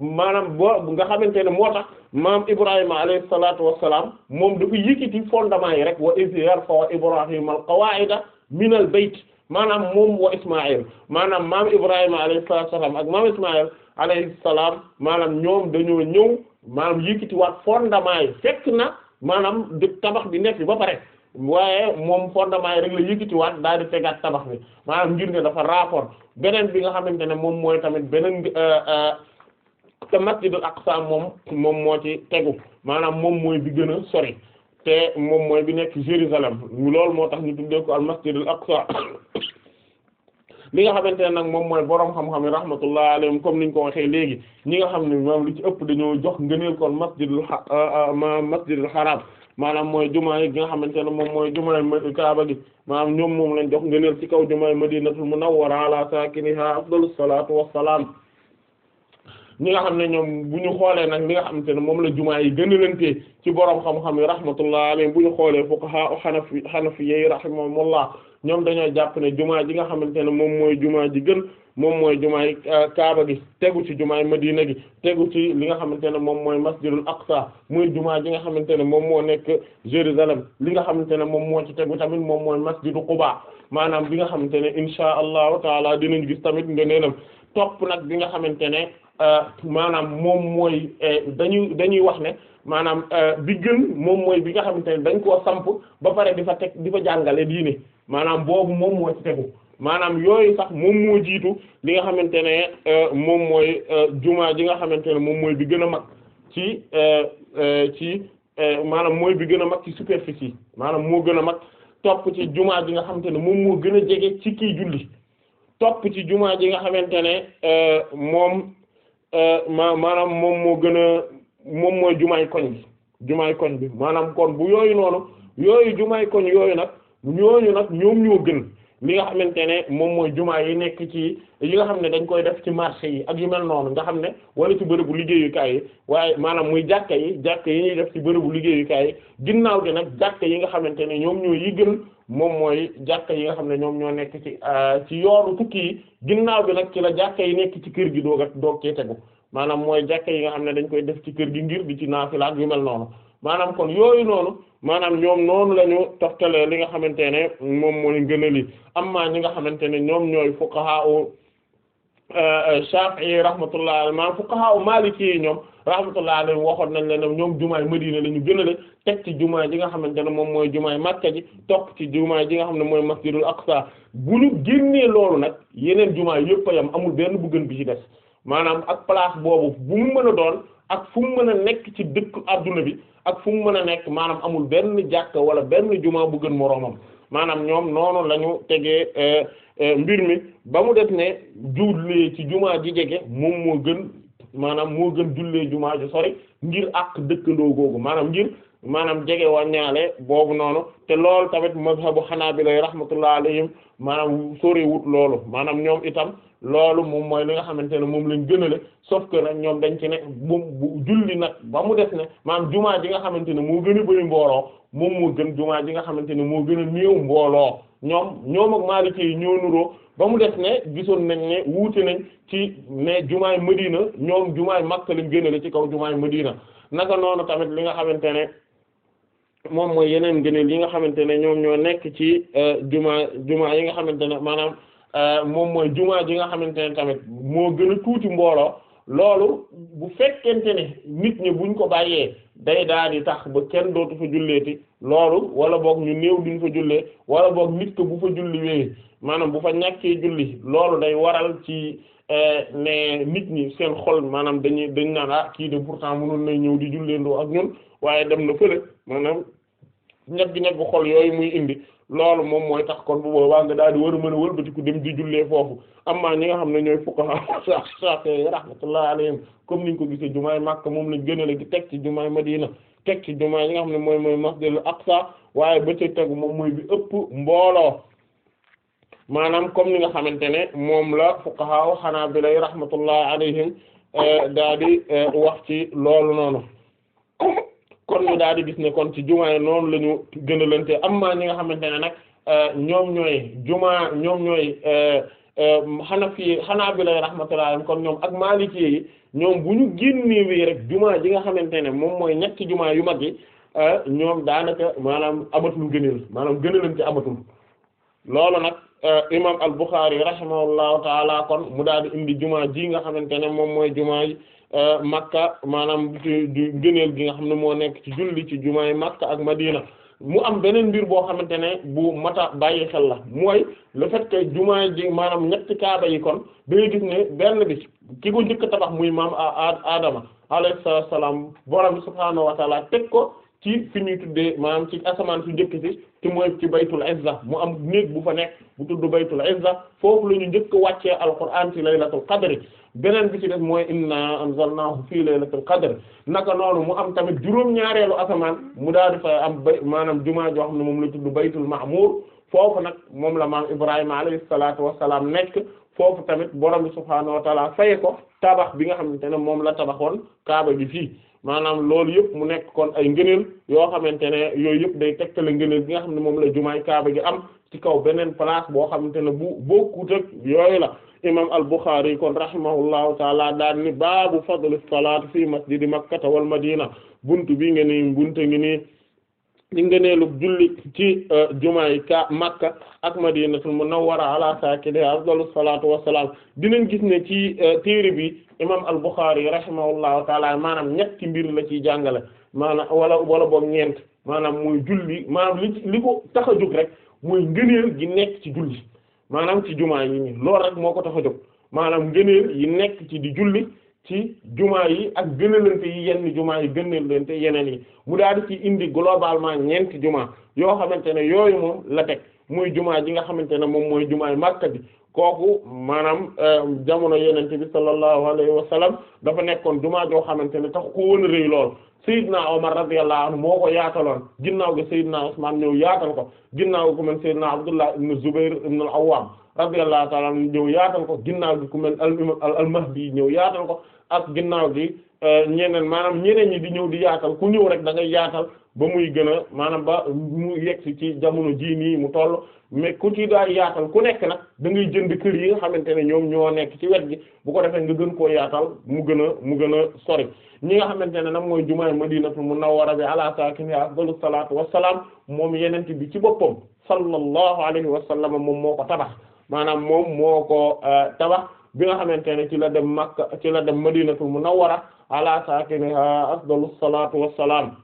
maanaam boo nga xamante ne moo tax maam ibrahima alayhi salatu salaam moom dafa yëkkati fondement yi rek wa iz yarfa ibrahima al qawaida min al bayt maanaam moom wa ismail maanaam maam ibrahima alayhi salatu wassalam ak maam ismail alayhi salam maanaam ñoom dañoo ñëw maanaam yëkkatiwaat fondement yi fekk na maanaam di tabax bi nekk ba pare waaye moom fondement yi rek la yëkkatiwaat daal di tegaat tabax bi maanaam ngir ne dafa rapport beneen bi nga xamante ne moom mooy tamit beneen bi euh, euh, te masjidul aqsa moom moom moo ci tegu maanaam moom mooy bi gën a sori te moom mooy bi nekk Jérusalem loolu moo tax ñu tuddee ko al masjidul aqsa <coughs> li nga xamante ne nag moom mooy borom xam-xam yi rahmatullah alayhim comme niñ ko waxee léegi ñi nga xam ne moom li ci ëpp dañoo jox ngëneel kon masjidul ah, ah, masjidul haram maanaam mooy jumaa yi xamante ne moom mooy jumaay kaaba gi maanaam moom lañ jox ngëneel ci kaw jumaay madinatul munawwara ala sakiniha afdalus salatu wassalam ñi nga xam ne ñoom bu ñu xoolee nag li nga xamante ne moom la jumaa yi gën a ci boroom xam-xam yi rahmatullah alayhi bu ñu xoolee fuqaha xanafi xanafi yi rahimahumullah ñoom dañoo jàpp ne jumaa ji nga xamante ne moom mooy jumaa ji gën moom mooy jumaay euh, kaaba gi tegu ci jumaay madina gi tegu ci li nga xamante ne moom mooy masjidul aqsa muy jumaa ji nga xamante ne moom moo nekk jérusalem li nga xamante ne moom moo ci tegu tamit moom mooy masjidu quba maanaam bi nga xamante ne insha allahu taala dinañ gis tamit nga neenam topp nag bi nga xamante ne euh, maanaam moom mooy euh, dañuy dañuy wax ne maanaam bi gën moom mooy bi nga xamante ne dañ koo samp ba pare di fa teg di fa jàngale diine maanaam boobu moom mooy ci tegu maanaam yooyu sax moom moo jiitu li nga xamante ne euh, moom mooy euh, jumaa ji nga xamante ne moom mooy bi gën a mag ci euh, ci maanaam mooy bi gën a mag ci superficie maanaam moo gën a mag topp ci jumaa ji nga xamante ne moom moo gën a jege ci kii julli topp ci jumaa ji nga xamante ne moom ma maanaam moom moo gën a moom mooy jumaay koñ bi jumaay koñ bi maanaam kon bu yooyu noonu yooyu jumaay koñ yooyu nag ñooñu nag ñoom ñoo gën li nga xamante ne moom mooy jumaa yi nekk ci yi nga xam ne dañ koy def ci marché yi ak yu mel noonu nga xam ne wala ci bërëbu liggéeyukaay yi waaye maanaam muy jàkka yi jàkka yi ñuy def ci bërëbu ginnaaw gi nag jàkka yi nga xamante ne ñoom ñoo yi moom mooy jàkka yi nga xam ne ñoom ñoo nekk ci euh, ci yoonu tukki yi ginnaaw bi nag ci la jàkka yi nekk ci kër gi doog a doog cee tegu maanaam mooy jàkka yi nga xam ne dañ koy def ci kër gi ngir di ci naafilaat yu mel noonu maanaam kon yooyu noonu maanaam ñoom noonu lañu ñu li nga xamante ne moom mooy am amma ñi nga xamante ne ñoom ñooy fuqaha u euh, Shafi'i rahmatullah alayhi maanaam fuqaha u Maliki yi ñoom rahmatullah alayhi waxoon nañ leen ñoom jumaay Madina la ñu gënale teg ci jumaa ji nga xamante ne moom mooy jumaay Makka ji topp ci jumaay ji nga xam ne mooy Masjidul Aqsa bu ñu génnee loolu nag yeneen jumaa yëpp yam amul benn bu gën bi ci des maanaam ak place boobu bu mu mën a doon ak fu mën a nekk ci dëkk adduna bi ak fu mu mën a nekk maanaam amul benn jàkka wala benn juma bu gën moroomam maanaam ñoom noonu la ñu tegee euh, euh, mbir mi ba mu def ne jullee ci jumaa ji jege moom moo gën maanaam moo gën jullee jumaa ju sori ngir ak dëkkandoo googu maanaam ngir maanaam jege wàññaale boobu noonu te loolu tamit mazhabu xanaa bi lay rahmatullah alayhim maanaam sori wut loolu maanaam ñoom itam loolu moom mooy li nga xamante ne moom lañ gënale sauf que nag ñoom dañ ci ne bu bu julli nag ba mu def ne maanaam jumaa ji nga xamante ne moo gën a bëri mbooloo moom gën jumaa ji nga xamante ne moo gën a mbooloo ñoom ñoom ak Maliki ci ñoo nuroo ba mu def ne gisoon nañ ne wuute nañ ci ne jumaay Madina ñoom jumaay Makka lañ gënale ci kaw jumaay Madina naka noonu tamit li nga xamante ne moom mooy yeneen gënal li nga xamante ne ñoom ñoo nekk ci euh, jumaa jumaa yi nga xamante ne maanaam Euh, moom mooy jumaa ji nga xamante ne tamit moo gën a tuuti mbooloo loolu bu fekkente ne nit ñi buñ ko bàyyee day daal di tax ba kenn dootu fa julleeti loolu wala boog ñu néew duñ fa jullee wala boog nit ko bu fa julli wéy maanaam bu fa ñàkkee julli loolu day waral ci euh, ne nit ñi seen xol maanaam dañu dañ naan ah kii de pourtant mënoon nay ñëw di julleendoo ak ñun waaye dem na fële maanaam ñag gi ñag xol yooyu muy indi loolu moom mooy tax kon bu boobaa nga daal di war a mën a wëlbatiku dem di jullee foofu amma ñi nga xam ne ñooy fuqaha Shafi'i rahmatullahi alayhim comme niñ ko gisee jumaay Makka moom lañ gën a di teg ci jumaay Madina teg ci jumaay nga xam ne mooy mooy masjidul Aqsa waaye ba ca tegu moom mooy bi ëpp mbooloo maanaam comme ni nga xamante ne moom la xanaa fuqaha Hanabila rahmatullahi alayhim daa di wax ci loolu noonu kon ñu daal di gis ne kon ci jumaa yi noonu la ñu gën a lante nga xamante ne nag euh, ñoom ñooy jumaa ñoom ñooy euh, euh, Hanafi Hanabila rahmatullah kon ñoom ak Maliki ñoom bu ñu génnewee rek jumaa ji nga xamante ne moom mooy ñetti jumaa yu mag yi ñoom daanaka maanaam amatul gëneel maanaam gëneelante amatul loolu nag imam al-Bukhari rahimahullahu taala kon mu daal di indi jumaa ji nga xamante ne moom mooy jumaa yi Euh, Makka maanaam di gëneel gi nga xam ne moo nekk ci julli ci jumaay Makka ak Madina mu am beneen mbir boo xamante ne bu mata bàyyi xel la mooy le fait que jumaay ji maanaam ñetti kaaba yi kon day gis ne benn bi ki ko njëkk tabax muy maam Adama alayhi salaam borom subhaanahu wa teg ko ci fi ñuy tuddee maanaam ci asamaan su jëkk si ci mooy ci baytul izza mu am néeg bu fa nekk bu tudd baytul izza foofu la ñu njëkk a wàccee alquran ci laylatul qadr beneen bi ci def mooy inna anzalnahu fii laylatul qadr naka noonu mu am tamit juróom-ñaareelu asamaan mu daal di fa am bay maanaam jumaa joo xam ne moom la tudd baytul ma'mur foofu nag moom la maam Ibrahima alayhi salaatu wa salaam nekk foofu tamit borom bi subhaanahu wa taala fay ko tabax bi nga xam ne moom la tabaxoon kaaba gi fii. maanaam loolu yëpp mu nekk kon ay ngëneel yoo xamante ne yooyu yépp day tegtale ngëneel bi nga xam ne moom la jumaay kaaba gi am ci kaw beneen place boo xamante ne bu bokkut ak yooyu la imam al-Bukhari kon rahimahullahu taala daan ni baabu fadl as-salaat fi masjidi makkata wal madina buntu bi nga ni bunte ngi nii li ngëneelu julli ci euh, jumaa yi ka Makka ak Madinatul Munawwara ala saakinihaa afdalu salaatu wassalaam dinañ gis ne ci euh, téere bi imaam al-Bukhari rahimahullahu taala maanaam ñetti mbir la ciy jàngale maanaam wala wala boog ñeent maanaam muy julli maanaam li li ko tax a jóg rek muy ngëneel gi nekk ci julli maanaam ci jumaa yi nii rek moo ko tax a jóg maanaam ngëneel yi nekk ci di julli ci jumaa yi ak gënalante yi yenn jumaa yi gënalante yeneen yi mu daal di ci indi globalement ñeenti jumaa yoo xamante ne yooyu moom la teg muy jumaa ji nga xamante ne moom mooy jumaa yi Makka bi kooku maanaam euh, jamono Yonent bi sallallahu alayhi wa sallam dafa nekkoon jumaa joo xamante ne tax ko woon a rëy lool Seydina Omar radiyallahu anhu moo ko yaataloon ginnaaw gi Seydina Usmaan ñëw yaatal ko ginnaaw gi ku mel Seydina Abdullah ibn Zubayr ibn al-Awwam radiyallahu ta'ala ñëw yaatal ko ginnaaw ku mel al ñëw yaatal ko. ak ginnaaw gi euh, ñeneen maanaam ñeneen ñi di ñëw di yaatal ku ñëw rek da ngay yaatal ba muy gën a maanaam ba mu yegsi ci jamono jii nii mu toll mais ku ci daal yaatal ku nekk nag da ngay jënd kër yi nga xamante ne ñoom ñoo nekk ci wet gi bu ko defee nga gën koo yaatal mu gën a mu gën a sori ñi nga xamante ne nag mooy ma jumaay Madinatul Munawwara bi ala saakinihaa afdalu salaatu wassalaam moom yenent bi ci boppam sallallahu alayhi wa sallam moom moo ko tabax maanaam moom moo ko euh, tabax bi nga xamante ne ci la dem Makka ci la dem Madinatul Munawwara ala saakinihaa afdalu salaatu wassalaam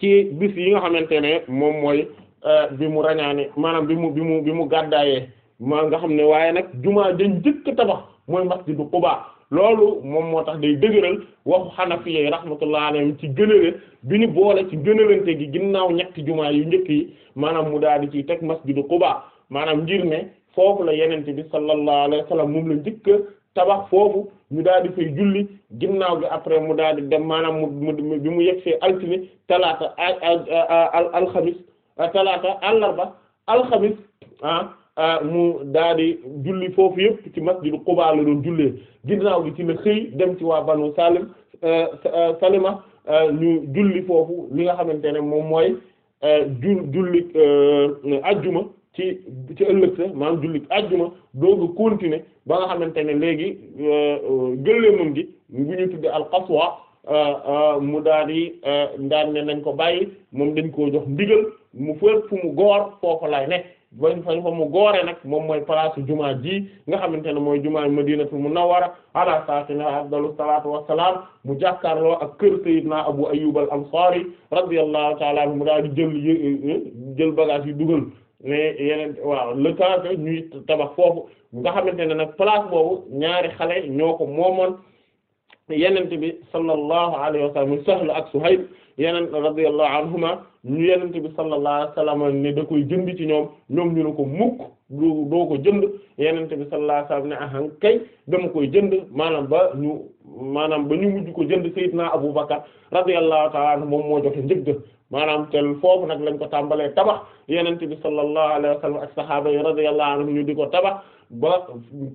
ci bis yi nga xamante ne moom mooy euh, bi mu rañaane maanaam bi mu bi mu bi gàddaayee ma nga xam ne waaye nag jumaa dañ jëkk tabax mooy masjidu Quba loolu moom moo tax day dëgëral waxu Hanafi yi rahmatullah alayhim ci gënale bi ñu boole ci gënalante gi ginnaaw ñetti jumaa yu njëkk yi maanaam mu daal di ciy teg masjidu Quba maanaam ngir ne foofu la yenente bi sallallahu alayhi wa sallam moom na njëkk tabax foofu ñu daal di julli ginnaaw gi après mu daal di dem maanaam mu mu bi mu yegg see altine talaata al alxamis talaata àllarba alxamis ah julli foofu yëpp ci masjidu Quba la doon jullee ginnaaw gi ci la xëy dem ci waa Banu Salim euh, euh, Salima euh, ñu julli foofu li nga xamante ne moom mooy julli ajjuma ci ci ëllëg sa maanaam jullit ajjuma dooga continuer ba nga xamante ne léegi euh, euh, gëllee moom gi bu ñu tudde al qaswa euh, mu daal di daan ne nañ ko bàyyi moom dañ koo jox ndigal mu fépp fu mu goor foofu lay ne ba fañ fa mu goore nag moom mooy place jumaa ji nga xamante ne mooy jumaa madinatu munawwara ala saakinihaa afdalu salaatu wassalaam mu jàkkaarloo ak kër sayyidina abu ayyub al ansari radiyallahu ta'ala anhu mu daal di jël jël bagage yi dugal mais yeneen waaw le temps ñuy tabax foofu nga xamante na nag place boobu ñaari xale ñoo ko moomoon yenente bi sallallahu alayhi wa sallam Sahl ak Suhayb yeneen radiyallahu anhuma ñu yenente bi sallallahu alayhi wa sallam ne jënd ci ñoom ñoom ñu ko mukk doo doo ko jënd yenente bi sallallahu alayhi wa sallam ne ahan kay dama koy jënd maanaam ba ñu maanaam ba ñu ko jënd Seydina Abu Bakar radiyallahu ta'ala anhu moom moo joxe njëg maanaam te foofu nag lañ ko tàmbalee tabax yenente bi sallallahu alayhi wa sallam ak sahaaba yi radiyallahu anhum ñu di ko tabax ba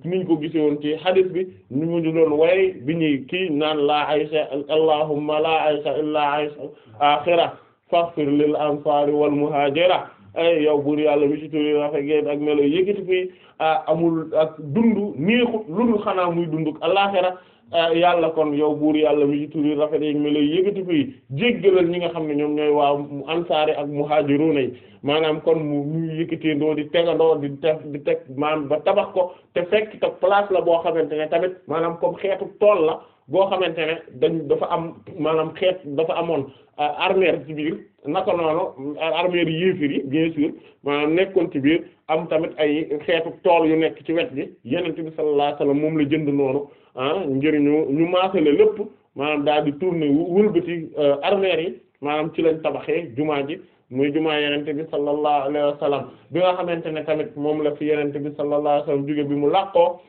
niñ ko gise woon ci hadith bi ñu muñu doon way bi ñuy kii naan la aysha allahumma la aysha illa aysha akhira faghfir lil ansari wal muhajira ay yow buur yàlla mi ci turi rafe géen ak melo yëkkati fii ah, amul ak dund neexut xanaa muy dunduk alaxira Ah, yàlla kon yow buur yàlla mu ci turi rafet yi mi lay yëkkati ko yi jéggalal ñi nga xam ne ñoom ñooy waaw mu ansaari ak muhaajiruuna yi maanaam kon mu ñu yëkkatee ndoo di tegandoo di teg di teg maanaam ba tabax ko te fekk te place la boo xamante ne tamit maanaam comme xeetu tool la boo xamante ne dañ dafa am maanaam xeet dafa amoon ah, armère ci biir naka noonu ah, armère yéefir yi bien sûr maanaam nekkoon ci biir am tamit ay xeetu tool yu nekk ci wet bi Yonent bi sallallahu alayhi moom la jënd noonu Ah, ngir ñu ñu maasale lépp maanaam daal di tourner wëlbati euh, armeer yi maanaam ci lañ tabaxee jumaa ji muy jumaa yenente bi sallallahu alayhi wa sallam bi nga xamante ne tamit moom la fi yenente bi sallallahu alayhi wa jóge bi mu làqoo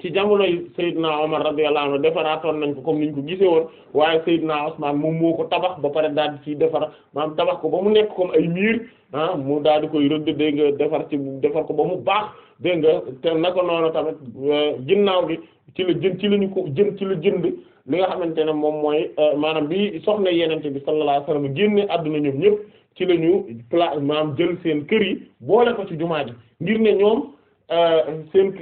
ci jamono jamonoy Seydina Omar radiyallahu anhu defaraatoon nañ ko comme niñ ko gisee woon waaye Seydina Ousmane moom moo ko tabax ba pare daal di ciy defar maanaam tabax ko ba mu nekk comme ay miir ah mu daal di koy rëdd dégg nga defar ci defar ko ba mu baax dégg nga te naka noonu tamit euh, ginnaaw gi ci la jën ci la ko jën ci la jënd li nga xamante ne moom mooy euh, maanaam bi soxna yenente bi sallallahu alayhi wasallam génne àdduna ñoom ñëpp ci la ñu pla maam jël seen kër yi boole ko ci jumaa ji ngir ne ñoom euh, seen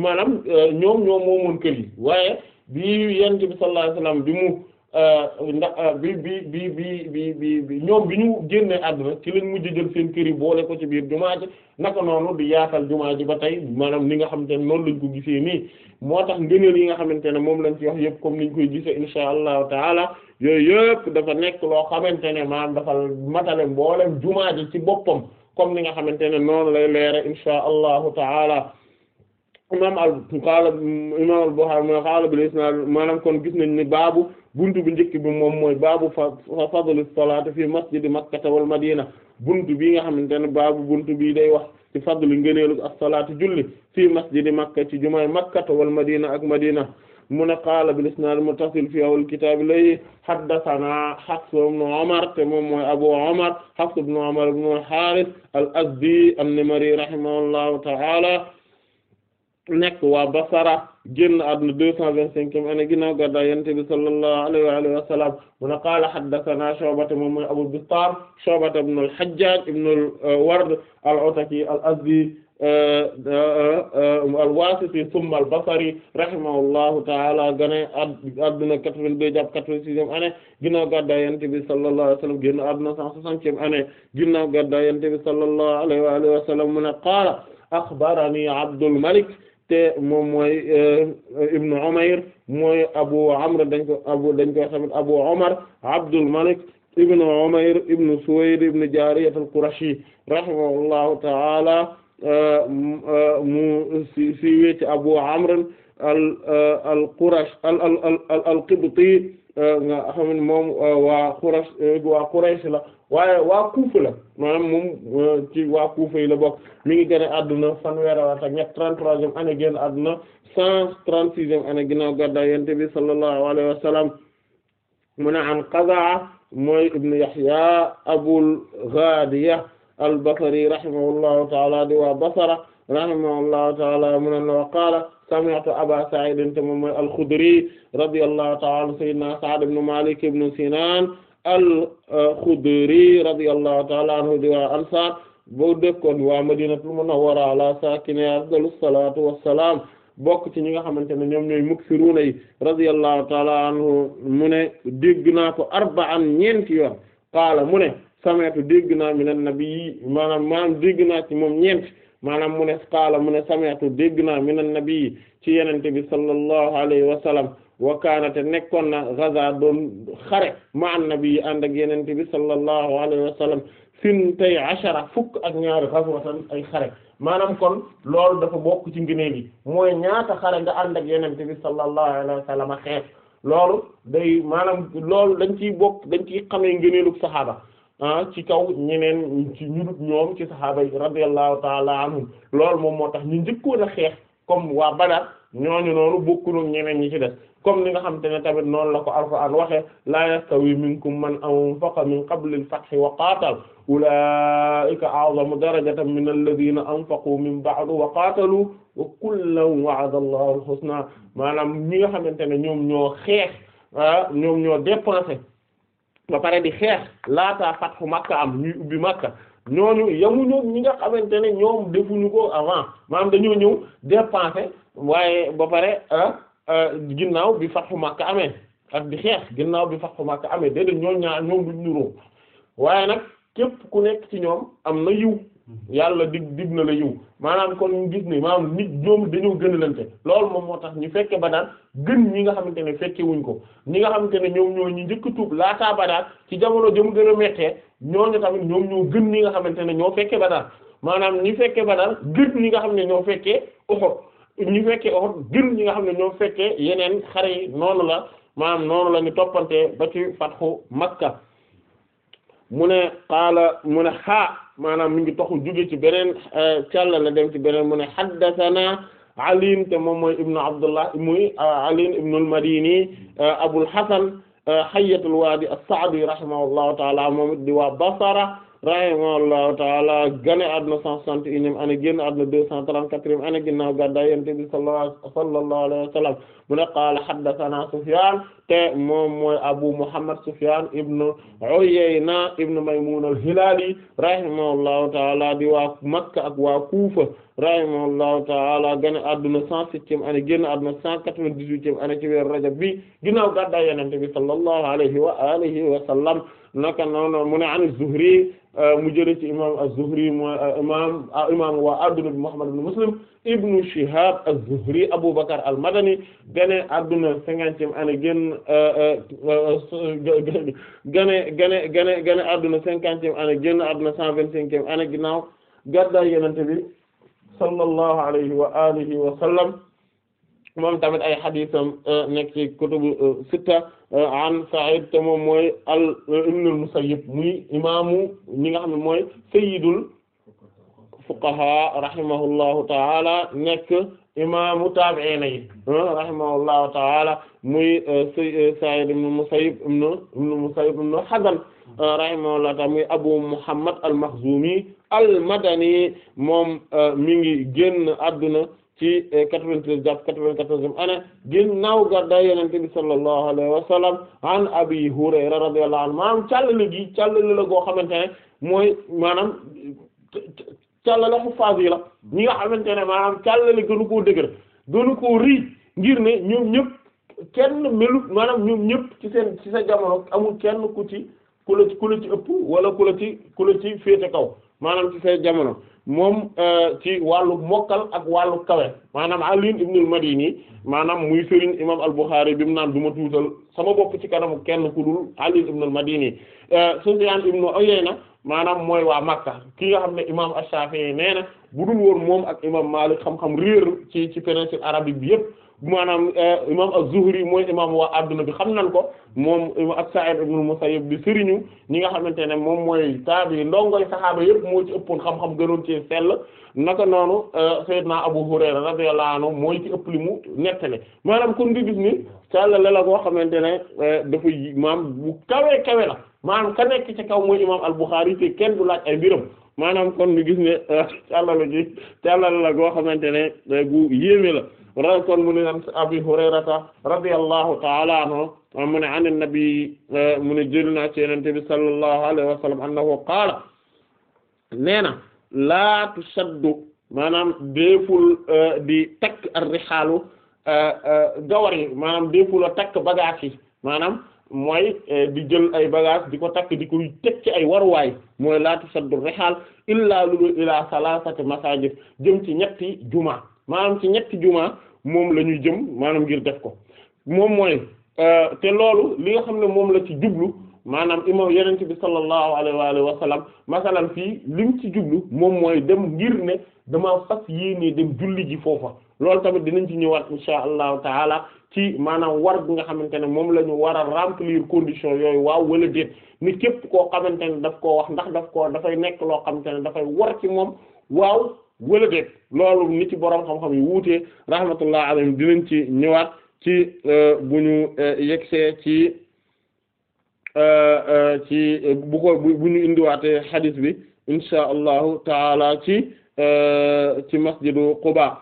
maanaam euh, ñoom ñoom moomoon kër yi waaye bi yenente bi sallallahu alayhi bi mu Euh, ndax euh, bi bi bi bi bi bi ñoom bi ñu génnee àdduna ci lañ mujj jël seen kër yi boole ko ci biir jumaa ji naka noonu di yaatal jumaa ji ba tey maanaam ni nga xamante ne noonu lañ ko gisee nii moo tax ngëneel yi nga xamante ne moom lañ ci wax comme niñ koy gisee insha allahu taala yooyu dafa nekk loo xamante ne maanaam dafa matale mboolem jumaa ci boppam comme ni nga xamante ne noonu lay leere insha allahu taala imam al qaala imam al Bukhari qaala bil isnaad maanaam kon gis nañ ni baabu buntu bu njëkk bi moom mooy baabu fa fadlu salaati fi masjidi makkata wal madina buntu bi nga xamante ne baabu buntu bi day wax ci fadlu ngëneelu as-salaati julli fi masjidi makka ci jumaay makkata wal madina ak madina mu ne qaala bil isnaad muttasil fi awal kitaab lay haddasanaa Hafs ibn Umar te moom mooy Abu Umar Hafs ibn Umar ibn al-Haaris al-Azdi an ta'ala nekk waa Basara génn àdduna deux cent vingt-cinquième année ginnaaw gàddaay Yonent bi sallallahu alayhi wa alihi wa sallam mu ne qaala haddathana Shu'ba moom mooy Abu Bistam Shu'ba ibn al-Hajjaj ibn al-Ward al-Ataki al-Azdi euh, euh, euh, al-Wasiti thumma al-Basri rahimahullahu ta'ala gane àdduna quatre-vingt-deux jàpp quatre-vingt-sixième année ginnaaw gàddaay Yonent bi sallallahu alayhi wa sallam génn àdduna cent soixantième année ginnaaw gàddaay Yonent bi sallallahu alayhi wa alihi wa sallam mu ne qaala akhbarani Abdul Malik te moom mooy eh, Ibn Umayr mooy Abu Amr dañ ko abu dañ koy xamit Abu Omar Abdul Malik Ibn Umayr Ibn Suwayd Ibn Jariyat al-Qurashi rahimahullahu ta'ala eh, eh, mu si siiwee ci Abu Amr al al-Qurash al al al al al-Qibti nga xam moom waa Qurash waa Quraysh la. waaye waa Kufa la maanaam moom euh, ci waa Kufa yi la bokk mi ngi génne àdduna fanweeri at ak ñett 33e année génn àdduna 136e année ginnaaw gàddaay Yonent bi sallallahu alayhi wa sallam mu ne an Qaza'a mooy ibnu Yahya Abul Ghadiya al-Basri rahimahullahu ta'ala di waa Basra rahimahullahu ta'ala mu ne wa qaala sami'tu Aba Sa'id te moom mooy al-Khudri radiyallahu ta'ala sayyidina Sa'd ibn Malik ibn Sinan al-Khudri radiyallahu ta'ala anhu di waa Ansaar boo dëkkoon waa Madinatul Munawwara ala saakinihaa afdalu salaatu wassalaam bokk ci ñi nga xamante ne ñoom ñooy muksiruuna yi radiyallahu ta'ala anhu mu ne dégg naa ko arba'an ñeenti yoon qaala mu ne sami'tu dégg naa minan nabiyyi maanaam maanaam dégg naa ci moom ñeenti maanaam mu ne qaala mu ne sami'tu dégg naa minan nabiyyi ci yenente bi sallallahu alayhi wa sallam wa kaana nekkoon na gaza doon xare ma annabi ànd ak yenente bi sallallahu alayhi wa sallam sintay ashara fukk ak ñaar ñaari ghazwatan ay xare maanaam kon lool dafa bokk ci ngëneel yi mooy ñaata xare nga ànd ak yenente bi sallallahu alayhi wa sallam xeex lool day maanaam loolu dañ ciy bokk dañ ciy xamee ngëneelu saxaaba ah ci kaw ñeneen ci ñu dut ñoom ci saxaaba yi radiyallahu ta'ala anhum loolu moom moo tax ñu njëkkoon a xeex comme waa Badar ñooñu noonu bokkul ak ñeneen ñi ci des comme ni nga xam te ne tamit noonu la ko alquran waxe la yastawi minkum man anfaqa min qabli al-fathi wa qatal ulaika a'zamu darajatan min alladhina anfaqu min ba'du wa qatalu wa kullan wa'ada Allahu al-husna maanaam ñi nga xamante ne ñoom ñoo xeex ah, ñoom ñoo dépensé ba pare di xeex laataa fathu Makka am ñuy ubbi ñooñu yamuñu ñi nga xamante ne ñoom defuñu ko avant maanaam dañoo ñëw dépenser waaye ba pare ah, ah, ginnaaw bi fatxu Makka amee ak di xeex ginnaaw bi fatxu Makka amee déedéet ñoom ñaar ñoom duñ nuroo waaye nag képp ku nekk ci ñoom am na yiw yàlla dig dig na la yiw maanaam kon ñu gis ne maanaam nit ñoom dañoo gënalante loolu moom moo tax ñu ba Badar gën ñi nga xamante ne fekke wuñ ko ñi nga xamante ne ñoom ñoo ñu njëkk tuub ba daal ci jamono jëm gën a mettee ñoo ñooñu tamit ñoom ñoo gën ñi nga xamante ne ñoo fekkee Badar maanaam ñi fekkee Badar gën ñi nga xam ne ñoo fekkee Uhud ñi fekkee Uhud gën ñi nga xam ne ñoo fekkee yeneen xare yi noonu la maanaam noonu la ñu toppante ba ci fatxu Makka mu ne qaala mu ne xaa maanaam mi ngi toxu jóge ci beneen euh, càlla la dem ci beneen mu ne haddathana Ali te moom mooy ibnu Abdullah muy euh, Ali ibnu al-Madini euh, Abul Hasan Hayyatul Wadi as-Sa'di rahimahullahu ta'ala moom it di waa Basra rahimahullahu taala gane àdduna cent soixante et unième année génn àdduna deux cent trente-quatrième année ginnaaw gàddaay Yonent bi sallallahu alayhi wa sallam mu ne qaala haddathana Sufyan te moom mooy Abu Muhammad Sufyan ibn Uyayna ibn Maymun al-Hilali rahimahullahu taala di waa Makka ak waa Kufa rahimahullahu taala gane àdduna cent septième année génn àdduna cent quatre-vingt-dix-huitième année ci weer Rajab bi ginnaaw gàddaay Yonent bi sallallahu alayhi wa alihi wa sallam naka noonu mu ne an az-Zuhri Euh, mu jëlee ci imam az-Zuhri imam euh, imam ah, waa adduna bi Muhammad ibn Muslim ibnu Shihab az-Zuhri Abu Bakr al-Madani gane adduna cinquantième année génn euh, gane gane gane gane adduna cinquantième année génn adduna cent vingt-cinquième année ginnaaw gàddaay Yonent bi sallallahu alayhi wa alihi wa sallam moom tamit ay xadiisam euh, nekk ci euh, sitta euh, an Sa'id te mooy al ibnul Musayyib muy imaamu ñi nga xam ne mooy sayyidul fuqaha rahimahullahu taala nekk imaamu taabi'ina yi rahimahullahu taala muy Sa'id ibn Musayyib ibn ibn Musayyib ibn Hazn rahimahullahu taala muy Abu Muhammad al-Makhzumi al-Madani moom mi ngi génn àdduna ci 93 eh, jàpp 94e année ginnaaw gàddaay Yonent bi sallallahu alayhi wa sallam an Abi Hurayra radiyallahu anhu maanaam càllale gi càllale la goo xamante ne mooy maanaam càllale xuffaas yi la ñi nga xamante ne maanaam càllale gënu koo dëgër gënu koo riij ngir ne ñoom ñëpp kenn melut maanaam ñoom ñëpp ci seen ci sa jamono amul kenn ku ci ku la ku la ci ëpp wala ku la ci ku la ci féete kaw maanaam ci sa jamono moom euh, ci wàllu mokkal ak wàllu kawe maanaam Ali ibn al-Madini maanaam muy sëriñ imam al-Bukhari bi mu naan du tuutal sama bopp ci kanamu kenn ku dul Ali ibn al-Madini euh, Sufyan ibn Uyayna maanaam mooy waa Makka ki nga xam ne imam al-Shafi'i nee na budul woon moom ak imam Malik xam-xam réer ci ci péninsule bi yëpp maanaam euh, imam az-Zuhri mooy imam waa àdduna bi xam nan ko moom ak Sa'id ibn Musayyib bi sëriñu ñi nga xamante ne moom mooy taabi ndongoy saxaaba yëpp moo ci ëppoon xam-xam gënoon naka noonu euh, Seydina Abu Hurayra radiyallahu anhu mooy ci ëpp li mu nettale maanaam kon nga gis ni sàll la la koo xamante ne euh, dafa maam bu kawee kawe la maanaam ka nekk ci kaw mooy imam al-Bukhari te kenn du laaj ay mbiram maanaam kon nga gis ne sàllala ji la goo xamante ne gu yéeme la kon mu ne an abi hurayrata radiyallahu ta'ala anhu mu ne an nabi mu ne jël naa ci yonent bi sallallahu alayhi wa sallam annahu qaala nee na laa tusaddu maanaam eh, di takk ar-rihaalu eh, eh, gawar yi maanaam déeful takk bagage yi maanaam mooy di jël ay bagage di ko takk di koy teg ci ay waruwaay mooy laa tusaddu ar-rihaal illaa lulu ilaa salaasati masaajid jëm ci ñetti juma maanaam ci ñetti jumaa moom la ñuy jëm maanaam ngir def ko moom mooy euh, te loolu li nga xam ne moom la ci jublu maanaam imam yenent bi sallallahu alayhi wa sallam masalan fii lim ci jublu moom mooy dem ngir ne dama fas yéenee dem julli ji foofa loolu tamit dinañ ci ñëwaat insha allah taala ci maanaam war bi nga xamante ne moom la ñu war a remplir condition yooyu waaw wala déet ni képp koo xamante ne daf koo wax ndax daf koo dafay nekk loo xamante ne dafay war ci moom waaw wala déet loolu ni ci borom xam-xam yi wuutee rahmatullah alayhim dinañ ci ñëwaat ci euh, bu ñu euh, yegsee ci euh, ci bu ko bu ñu indiwaatee hadith bi insha allahu taala ci ci masjidu Quba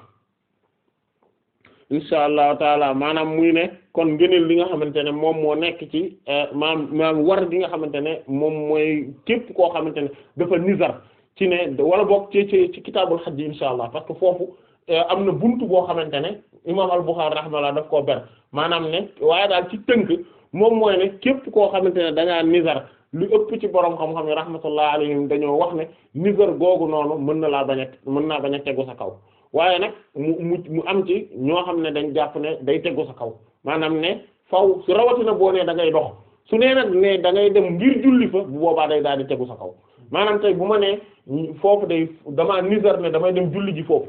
insha allahu taala maanaam muy ne kon ngëneel li nga xamante ne moom moo nekk ci maam maam war gi nga xamante ne moom mooy képp koo xamante ne dafa nizar ci ne wala boog ci ci ci kitaabul xaj ji insha allah parce que foofu euh, am na bunt boo xamante ne imaam al-Bukhari rahimahullah daf koo ber maanaam ne waaye daal ci tënk moom mooy ne képp koo xamante ne da ngaa nizar lu ëpp ci borom xam-xam yi rahmatullah alayhim dañoo wax ne nizar googu noonu mën na laa bañ mën naa bañ a tegu sa kaw waaye nag mu mu mu am ci ñoo xam ne dañ jàpp ne day tegu sa kaw maanaam ne faw su rawatina boo nee da ngay dox su nee nag ne da ngay dem ngir julli fa bu boobaa day daal di tegu kaw. maanaam tey bu ma nee foofu day damaa nisar ne damay dem julli ji foofu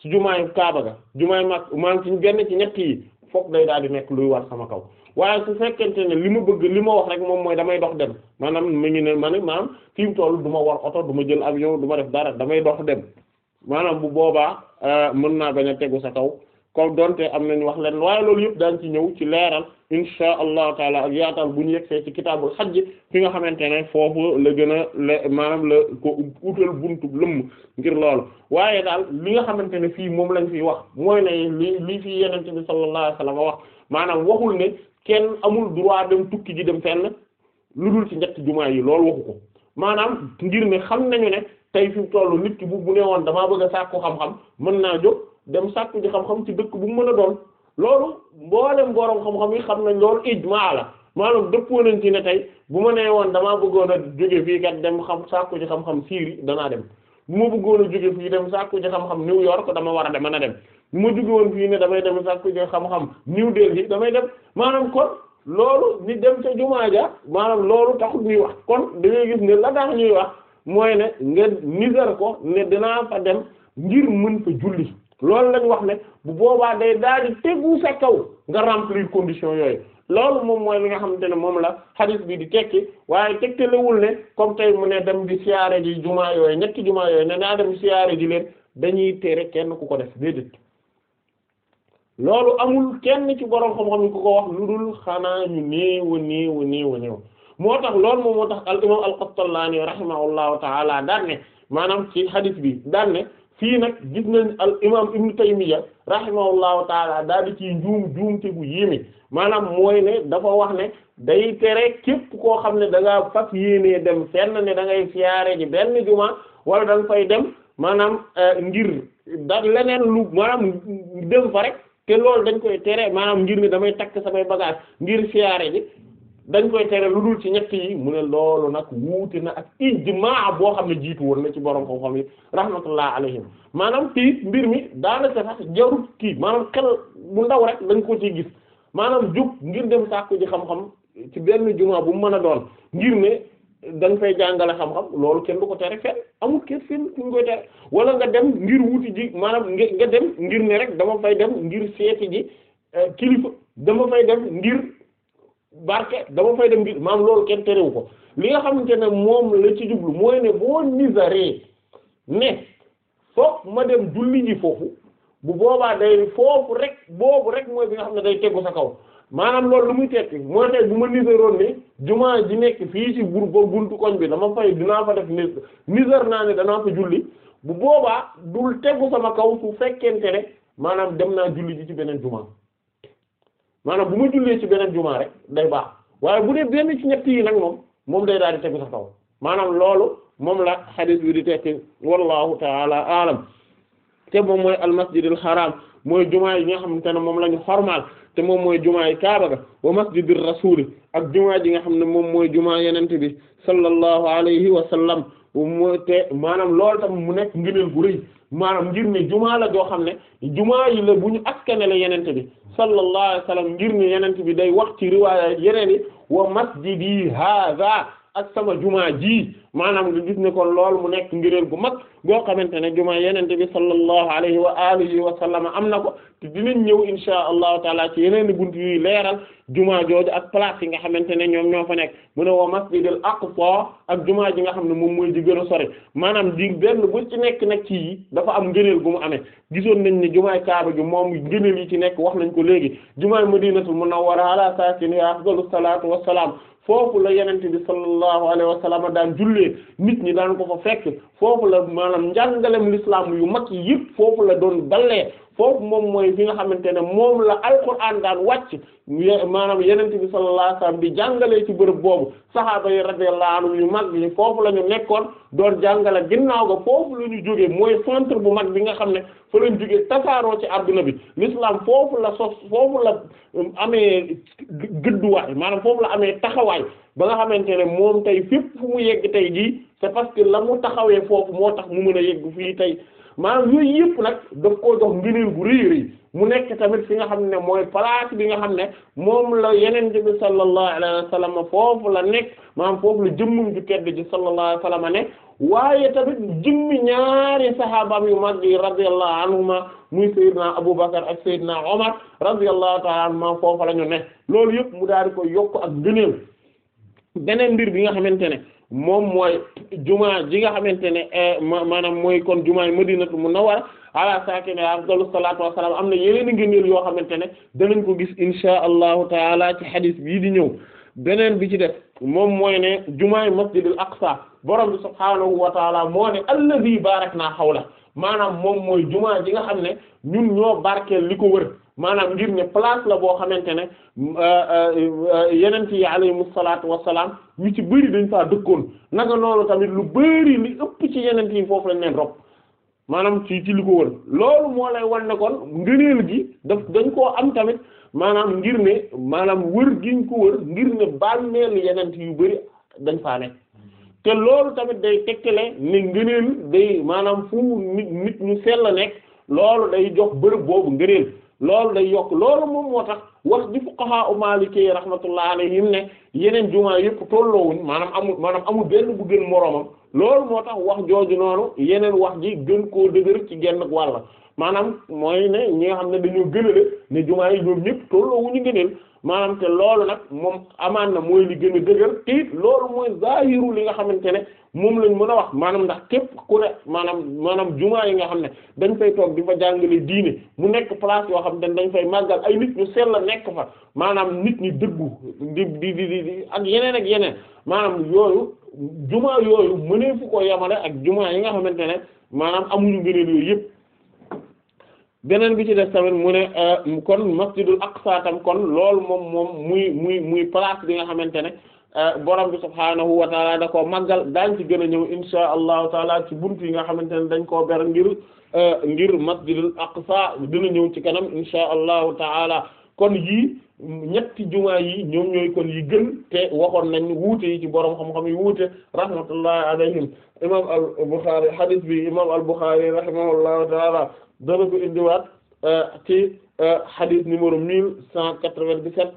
si jumaay Kaaba ga jumaay mag maanaam ci benn ci ñett yi foofu day daal di nekk luy war sama kaw waaye su fekkente ne li ma bëgg li ma wax rek moom mooy damay dox dem maanaam mu ngi ma ne maanaam fi mu toll du ma war oto du ma jël avion du ma def dara damay dox dem maanaam bu boobaa euh, mën naa bañ a tegu sa kaw comme donte am nañu wax leen waaye loolu yëpp daan ci ñëw ci leeral. insha allahu taala ak yaatal bu ñu yegsee ci kitaabul xajj fi nga xamante ne foofu la gën a le maanaam la ko utal buntu lëmm ngir loolu waaye daal li nga xamante ne fii moom lañ fiy wax mooy na li lii fii yenente bi sallallahu alayhi wasallam wax maanaam waxul ne kenn amul droit dem tukki ji dem fenn lu dul ci ñetti jumaa yi loolu waxu ko maanaam ngir ne xam nañu ne tey fi mu toll nit ki bu bu ne woon damaa bëgg a sàkku xam-xam mën naa jóg dem sàkku ji xam-xam ci dëkk bu mu mën a doon loolu mboolem boroom xam-xam yi xam nañ loolu ijmaa la maanaam dëppoo nañ ci ne tey bu ma nee woon damaa bëggoon a jóge fii kat dem xam sàkku ci xam-xam Syrie danaa dem bu ma bëggoon a jóge fii dem sàkku ci xam-xam New York dama war a dem a dem bu ma jóge woon fii ne damay dem sàkku ci xam-xam New Delhi damay dem maanaam kon loolu di dem ca jumaa ja maanaam loolu taxut ñuy wax kon da ngay gis ne la tax ñuy wax mooy ne nga nisar ko ne dinaa fa dem ngir mën fa julli loolu lañ wax ne bu boobaa day daal di tegu sa kaw nga remplir condition yooyu loolu moom mooy li nga xamante ne moom la hadith bi di tekki waaye tegtalewul ne comme tey mu ne dem di siyaare ji jumaa yooyu ñetti jumaa yooyu ne naa dem siyaare ji leen dañuy tere kenn ku ko def déedéet loolu amul kenn ci borom xam-xam ku ko wax lu dul xanaa ñu néew a néew a néew a néew moo tax loolu moom moo tax al imam al-Qattallani rahimahullahu ta'ala daan ne maanaam ci hadith bi daan fii nag gis nañ al imam ibnu taymiya rahimahullahu taala daal di ci njuum juumte bu yéeme maanaam mooy ne dafa wax ne day tere képp koo xam ne da ngaa fas yéenee dem fenn ne da ngay siyaare ji benn juma wala da fay dem maanaam euh, ngir da leneen lu maanaam dem fa rek te loolu dañ koy tere maanaam ngir ne damay takk samay bagage ngir siyaare ji dañ koy tere lu dul ci ñett yi mu ne loolu nag wuute na ak ijmaa boo xam ne jiitu woon na ci borom xam-xam yi rahmatullah alayhim maanaam fii mbir mi daanaka sax jarut kii maanaam xel bu ndaw rek dañ ko ci gis maanaam jug ngir dem sàkku ji xam-xam ci benn jumaa bu mu mën a doon ngir ne dañ fay jàngale xam-xam loolu kenn du ko tere fenn amul kenn fenn koy tere wala nga dem ngir wuti ji maanaam nga dem ngir ne rek dama fay dem ngir seeti ji eh, kilifa dama fay dem ngir. barke dama fay dem ngir maam loolu kenn terewu ko li nga xamante ne moom la ci jublu mooy ne boo nisaree ne foog ma dem julli ji foofu bu boobaa day foofu rek boobu rek mooy bi nga xam ne day tegu sa kaw maanaam loolu lu muy tekki mooy tey bu ma nisaroon ne jumaa ji nekk fii ci bur ba buntu koñ bi dama fay dinaa fa def ni nisar naa ne danaa fa julli bu boobaa dul tegu sama kaw su fekkente ne maanaam dem naa julli ji ci beneen jumaa maanaam bu ma jullee ci beneen jumaa rek day baax waaye bu dee benn ci ñett yi nag moom moom day daal di tegu maanaam loolu moom la xadiis bi di tekki wallahu taala alam te moom mooy almasjidil haram mooy jumaa yi nga xamante ne moom la ñu xormaal te moom mooy jumaa yi kaaba ga wa masjidir rasuli ak jumaa ji nga xam ne moom mooy jumaa yenente bi sallallahu alayhi wa sallam mooy te maanaam loolu tam mu nekk ngëneel gu rëy maanaam ngir ne jumaa la joo xam ne jumaa yi la bu ñu askanale yenente bi sallallahu alayhi wa sallam ngir ne bi day wax ci riwaaya yeneen yi wa masjidi haza ak sama jumaa ji maanaam nga gis ne kon lool mu nekk ngëneel gu mag boo xamante ne jumaa yenente bi sallallahu alayhi wa alihi wa sallam am na ko te dinañ ñëw insha allahu taala ci yeneen buntu yuy leeral jumaa jooju ak place yi nga xamante ne ñoom ñoo fa nekk mu ne wa masjidil aqsa ak jumaa ji nga xam ne moom mooy di gën a maanaam di benn bu ci nekk nag ci yi dafa am ngëneel gu mu amee gisoon nañ ne jumaay kaaba gi moom ngëneel yi ci nekk wax nañ ko léegi jumaay madinatul munawwara ala saakinihaa afdalus salaatu wassalaam foofu la yenente bi sallallahu alayhi wa sallam daan jullee nit ñi daan ko fa fekk foofu maanaam njàngalem lislaam yu mag yi yëpp foofu la doon dalee foofu moom mooy fi nga xamante ne moom la alquran daan wàcc maanaam yenente bi sallallahu alayhi wasallam di jàngalee ci bërëb boobu sahaaba yi radiyallahu anhum yu mag yi foofu la ñu nekkoon doon jàngale ginnaaw ga foofu la ñu jógee mooy centre bu mag bi nga xam ne fa lañ jógee tasaaroo ci àdduna bi l'islam foofu la sos foofu la um, amee gëdduwaay maanaam foofu la amee taxawaay ba nga xamante ne moom tey fépp fu mu yegg tey jii c'est parce la mu taxawee foofu mo tax mu mën a yegg fii tey maanaam yooyu yëpp nag daf koo jox ngëneel gu rëy rëy mu nekk tamit fi nga xam ne mooy place bi nga xam ne moom la yeneen bi sallallahu alayhi wa sallam foofu la nekk maanaam foofu la jëmmum waaye tamit jëmmi ñaari saxaabaam yu mag yi radiyallahu anhuma muy Seydina Aboubacar ak Seydina Omar ñu ne loolu yëpp mu daa di ko yokk ak ngëneel beneen mbir bi nga xamante ne. moom mooy jumaa ji nga xamante ne eh, maanaam mooy kon jumaay Madinatu Munawwara ala saakine afdalu salaatu wassalaam am na yeneen ngëneel yoo xamante ne danañ ko gis insha allahu taala ci xadiis bii di ñëw beneen bi ci def moom mooy ne jumaay masjidul aqsa borom bi subhaanahu wa taala moo ne allazi baaraknaa xawla maanaam moom mooy jumaa ji nga xam ne ñun ñoo barkeel li ko wër maanaam ngir ne place la boo xamante ne euh, euh, euh, yenent yi alayhimu salaatu wassalaam ñu ci bëri dañ faa dëkkoon naka noonu tamit lu bëri li ëpp ci yenent yi foofu lañ leen rob maanaam ci ci li ko wër loolu moo lay wan ne kon ngëneel gi daf dañ koo am tamit maanaam ngir ne maanaam wër giñ ko wër ngir ne bàmmeelu yenent yu bëri dañ faa nekk te loolu tamit day tekkale ne ngëneel day maanaam fu nit nit ñu sell nekk loolu day jox bërëb boobu ngëneel loolu day yokk loolu moom moo tax wax di fuqaha u maliki rahmatullah alayhim ne yeneen jumaa yëpp tolloowuñ maanaam amul maanaam amul benn bu gën moroomam loolu moo tax wax jooju noonu yeneen wax ji gën koo dëgër ci genn wàll maanaam mooy ne ñi nga xam ne dañoo gënale ne jumaa yi ñoom ñëpp tolloowuñu gëneel maanaam te loolu nag moom amaan na mooy li gën a dëgër te it loolu mooy zaahiru li nga xamante ne moom lañ mën a wax maanaam ndax képp ku ne maanaam maanaam jumaa yi nga xam ne dañ fay toog di fa jàngale diine mu nekk place yoo xam ne dañ fay màggal ay nit ñu sell a nekk fa maanaam nit ñi dëggu di di di di ak yeneen ak yeneen maanaam yooyu jumaa yooyu mënee fu ko yemale ak jumaa yi nga xamante ne maanaam amuñu ngëneel yooyu yëpp. beneen bi ci def tamit mu ne euh, kon masjidul aqsa tam kon loolu moom moom muy muy muy place bi nga xamante ne euh, borom bi subhaanahu wa taala da koo màggal daañ ci gën a ñëw insha allahu taala ci bunt yi nga xamante ne dañ koo ber ngir euh, ngir masjidul aqsa dina ñëw ci kanam insha allahu taala kon yii ñetti jumaa yi ñoom ñooy kon yi gën te waxoon nañ wuute yi ci borom xam-xam yi wuute rahmatullahi alayhim imam al Bukhari hadith bi imam al Bukhari rahimahullahu taala dana ko indiwaat euh, ci euh, hadith numéro mille cent quatre-vingt-dix-sept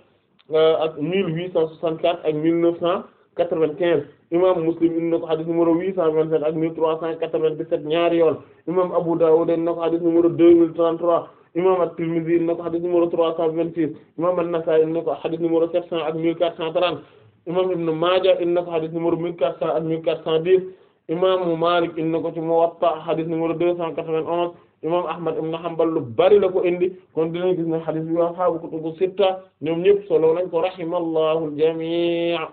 euh, ak mille huit cent soixante-quatre ak mille neuf cent quatre-vingt-quinze imam Muslim indi na ko hadith numéro huit cent vingt-sept ak mille trois cent quatre-vingt-dix-sept ñaari imam Abu Dawud indi na ko hadith numéro deux mille trente-trois imam At-Tirmidhi indi ko hadith numéro trois cent vingt-six imam An-Nasa'i ko hadith numéro sept cent ak mille quatre cent trente imam Ibn Maaja imam ahmad ibn hanbal lu bari la ko indi kon dinañ gis ne hadith bi ashaabu kutubu sitta ñoom ñëpp solo lañ ko rahimallahu al-jamii'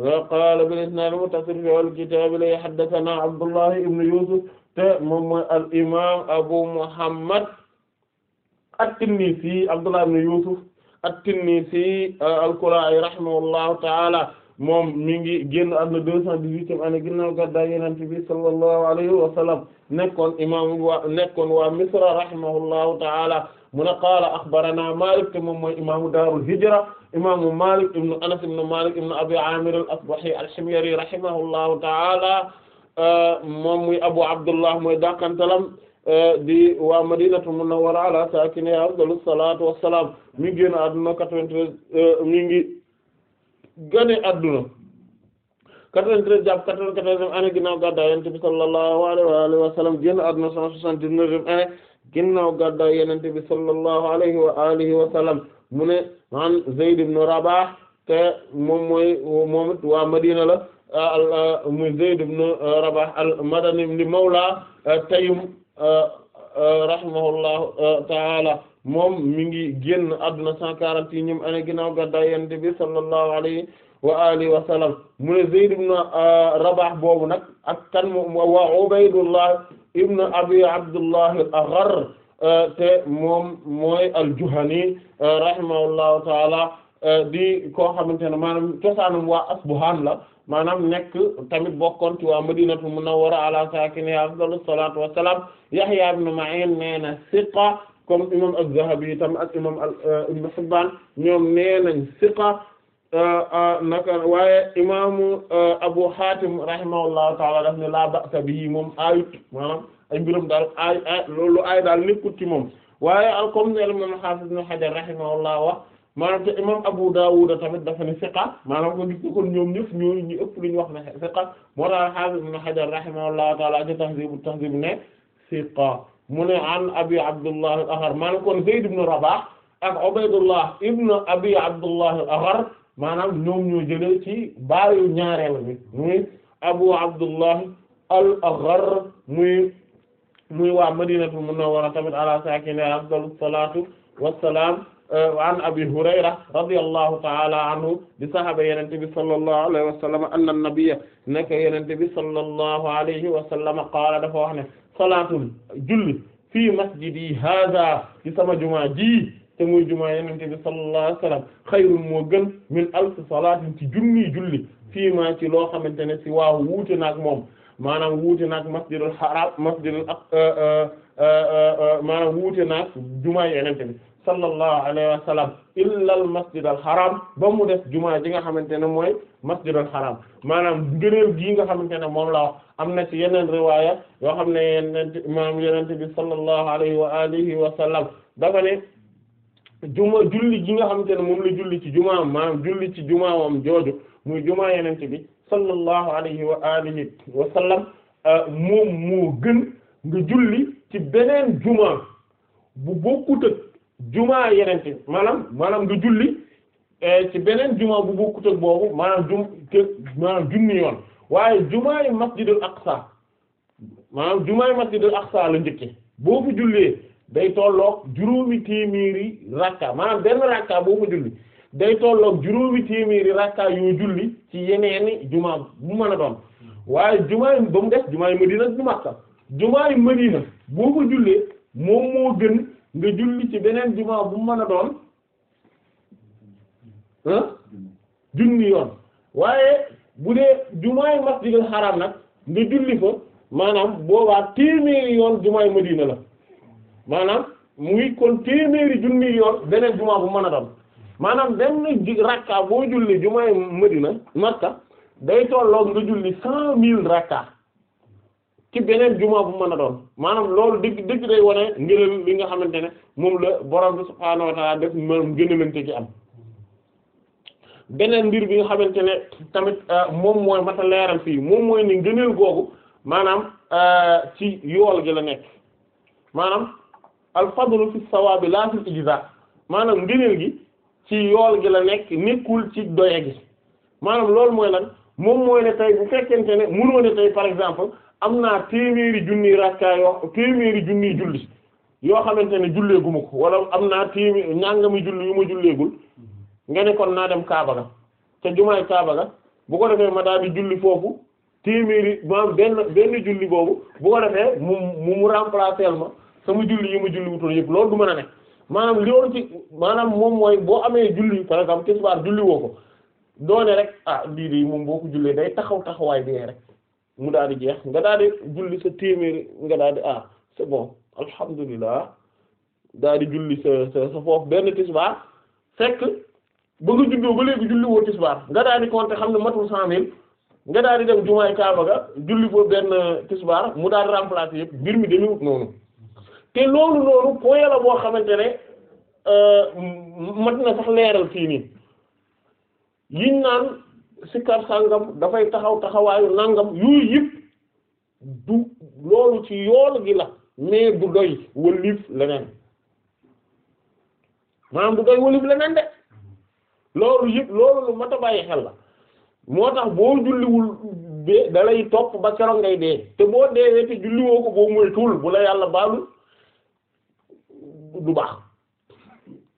wa qaala bil isnaad al-muttasil fi al-kitaab la haddathanaa abdullah ibn yusuf te moom mooy al imam abu muhammad at-tinnisi abdullah ibn yusuf at-tinnisi al-kulaa'i rahimahullahu ta'ala moom mi ngi génn àdduna deux cent dix-huitième année ginnaaw gàddaay Yonent bi sallallahu alayhi wa sallam nekkoon imaam waa nekkoon waa Misra rahimahullahu ta'ala mu ne qaala axbarana Maalik te moom mooy imaamu daarul hijra imaamu Maalik ibnu Anas ibnu Maalik ibnu Abi Aamir al-Asbahi al-Himyari rahimahullahu ta'ala moom muy Abu Abdullah mooy dàqantalam di waa Madinatu Munawwara ala saakinihaa afdalu salaatu wassalaam mi ngi génn àdduna quatre-vingt-treize mi ngi gane adduna quatre-vingt-treize jàpp quatre-vingt-quatorzième année ginnaaw gàddaay yonent bi sallallahu alayhi wa sallam génn adduna cent soixante-dix-neuvième année ginnaaw gàddaay yonent bi sallallahu alayhi wa alihi wa sallam mu ne an Zayd ibn Rabah te moom mooy moom it waa Madina la muy Zayd ibn Rabah al-Madani di mawla Taym rahimahullahu ta'ala moom mi ngi génn adduna cent quarante yi ñim ané ginnaaw gàddaay yonent bi sallallahu alayhi wa alihi wa sallam mu ne Zayd ibn euh, Rabah boobu nag ak kan wa Ubaydullah ibn Abi Abdullah al-Aghar euh, te moom mooy al-Juhani euh, rahimahullahu taala di koo xamante ne maanaam cosaanum waa Asbuhan la maanaam nekk tamit bokkoon ci waa Madinatu Munawwara ala saakinihaa afdalu salaatu wa salaam Yahya ibn Ma'in nee na siqa comme imam az-Zahabi tam ak imam euh, Ibn Hibban ñoom nee nañ siqa euh, euh, naka waaye imaamu Abu Hatim rahimahullahu taala daf ne la ba'sa bihi moom aayut maanaam ay mbiram daal aay aay loolu aay daal nekkut ci moom waaye al comme ne imam al-Hafiz Ibn Hajar rahimahullah wax maanaam te imam Abu Dawud tamit dafa ne siqa maanaam ko gis kon ñoom ñëpp ñooñu ñu ëpp lu ñu wax ne siqa moo tax al-Hafiz Ibn Hajar rahimahullahu taala ci Tahzib ne siqa mu ne an abi abdullah al-Agharr maanaam kon Zayd ibn Rabah ak Ubaydullah ibn abi abdullah al-Agharr maanaam ñoom ñoo jëlee ci baayu ñaareel bi muy abu abdullah al-Agharr muy muy waa Madinatul Munawwara tamit ala saakinihaa afdalu salaatu wassalaam an abi hurayra radiyallahu ta'ala anhu di sahaaba yenente bi sallallahu alayhi wa sallam anna nabiyya nekk yenente bi sallallahu alayhi wa sallam qaala dafa wax ne salaatun julli fii masjidi hada ci sama jumaa ji te muy jumaa yenente bi sallallahu alayhi wasallam xayrun moo gën min alf salaatin ci junni julli fii ma ci loo xamante ne si waaw wuute naag moom maanaam wuute naag masjidul haram masjidul ak euh, euh, euh, maanaam wuute naag jumaa yenente bi sallallahu alayhi wa sallam illa al masjid al haram ba mu def jumaa ji nga xamante ne mooy masjid al haram maanaam gëneel gii nga xamante ne moom la am na ci yeneen riwaaya yoo xam ne yeneen maam yenente bi sallallahu alayhi wa alihi wa sallam dafa ne juma julli gi nga xamante ne moom la julli ci jumaam maanaam julli ci jumaawam jooju muy jumaa yenente bi sallallahu alayhi wa alihi wa sallam euh, moom moo gën nga julli ci beneen jumaa bu bokkut ak jumaa yeneen ci maanaam maanaam nga julli eh, ci beneen jumaa bu bokkut ak boobu maanaam jum te maanaam yoon waaye jumaa yi masjidul aqsa maanaam jumaa yi masjidul aqsa la njëkke boo fi jullee day tolloog juróomi téeméeri rakka maanaam benn rakka boo fa julli day tolloog juróomi téeméeri rakka yoo julli ci yeneeni jumaa bu mën a doon waaye jumaa yi ba mu des jumaa yi Madina ak Makka jumaa yi Madina boo fa jullee moom moo gën nga julli ci beneen jumaa bu mën a doon ah yoon waaye bu dee jumaay masjidul xaraam nag nga julli ko maanaam boobaa téeméeri yoon jumaay madina la maanaam mu muy kon téeméeri junni yoon beneen jumaa bu mën a doon maanaam benn ji rakka boo julli jumaay madina makka day tolloog nga julli cent mille rakka ci beneen juma bu mën a doon maanaam loolu dëgg dëgg day wane ngëneel li nga xamante ne moom la borom bi subhaanahu wa ta'ala def maanaam gënalante ci mbir bi xamante ne tamit euh, moom mooy mata leeral fii moom mooy ni ngëneel googu maanaam euh, ci yool gi la nekk maanaam al fadlu fi sawaabi laa maanaam ngëneel gi ci yool gi la nekk nekkul ci doye gi maanaam loolu mooy lan moom mooy ne tey bu fekkente ne mënoo ne tey par exemple am naa téeméeri junniy rakka yoo téeméeri junniy julli yoo xamante ne julleegu ma ko wala am naa téeméer ñàngami julli yu ma julleegul nga ne kon naa dem Kaaba ga te jumaay Kaaba ga bu defee ma daal di julli foofu téeméeri maanaam benn benn julli boobu bu ko defee mu mu mu ma sama julli yi ma julli wutoon yëpp loolu du mën a nekk maanaam li woon ci maanaam moom mooy boo amee julli par exemple tisbaar julli ko doone rek ah lii de moom boo ko jullee day taxaw taxawaay bi mu daal di jeex nga daal di julli sa téeméeri nga daal di ah c'est bon alhamdulilah daal julli sa sa foofu benn tisbaar fekk ba nga juddoo ba julli woo tisbaar nga daal di xam ne matul cent mille nga daal dem jumaay Kaaba ga julli foofu benn tisbaar mu daal di remplacer yëpp mbir mi dañuy noonu te loolu noonu point la boo xamante ne euh, mat na sax leeral fii nii yiñ naan. sikkar sàngam dafay taxaw taxawaayu nangam yu yëpp du loolu ci yool gi la mais du doy wëlif leneen maanaam du doy wëlif leneen de loolu yëpp loolu lu mat bàyyi xel la moo tax boo julliwul be da topp ba keroog ngay dee te boo deewee te julliwoo ko boo moytuwul bu la yàlla baalul du baax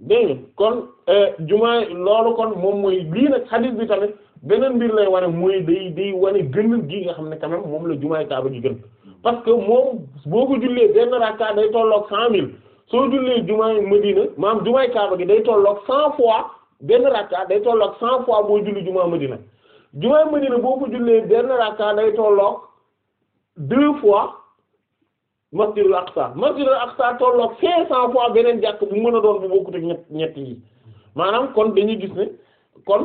dégg kon euh, jumaa loolu kon moom mooy lii nag xadiis bi tamit beneen mbir lay wane mooy day day wane gënal gi nga xam ne quand même moom la jumaay kaaba gi gën parce que moom boo ko jullee benn rakka day tolloog cent mille soo jullee jumaay Madina maam jumaay kaaba gi day tolloog cent fois benn rakka day tolloog cent fois boo julli jumaa Madina jumaay Madina boo ko jullee benn rakka day tolloog deux fois masjidul Aqsa masjidul Aqsa tolloog cinq cent fois beneen jàkk bu mën a doon bu bokkut ak ñett ñett yi maanaam kon dañuy gis ne kon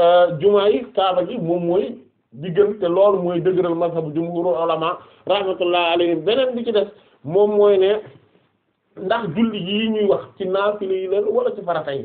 Euh, jumaa yi kaaba gi moom mooy di gën te loolu mooy dëgëral mazhabu jumhurul ulama rahmatullah alayhim beneen bi ci def moom mooy ne ndax julli yi ñuy wax ci naafila yi la wala ci farata yi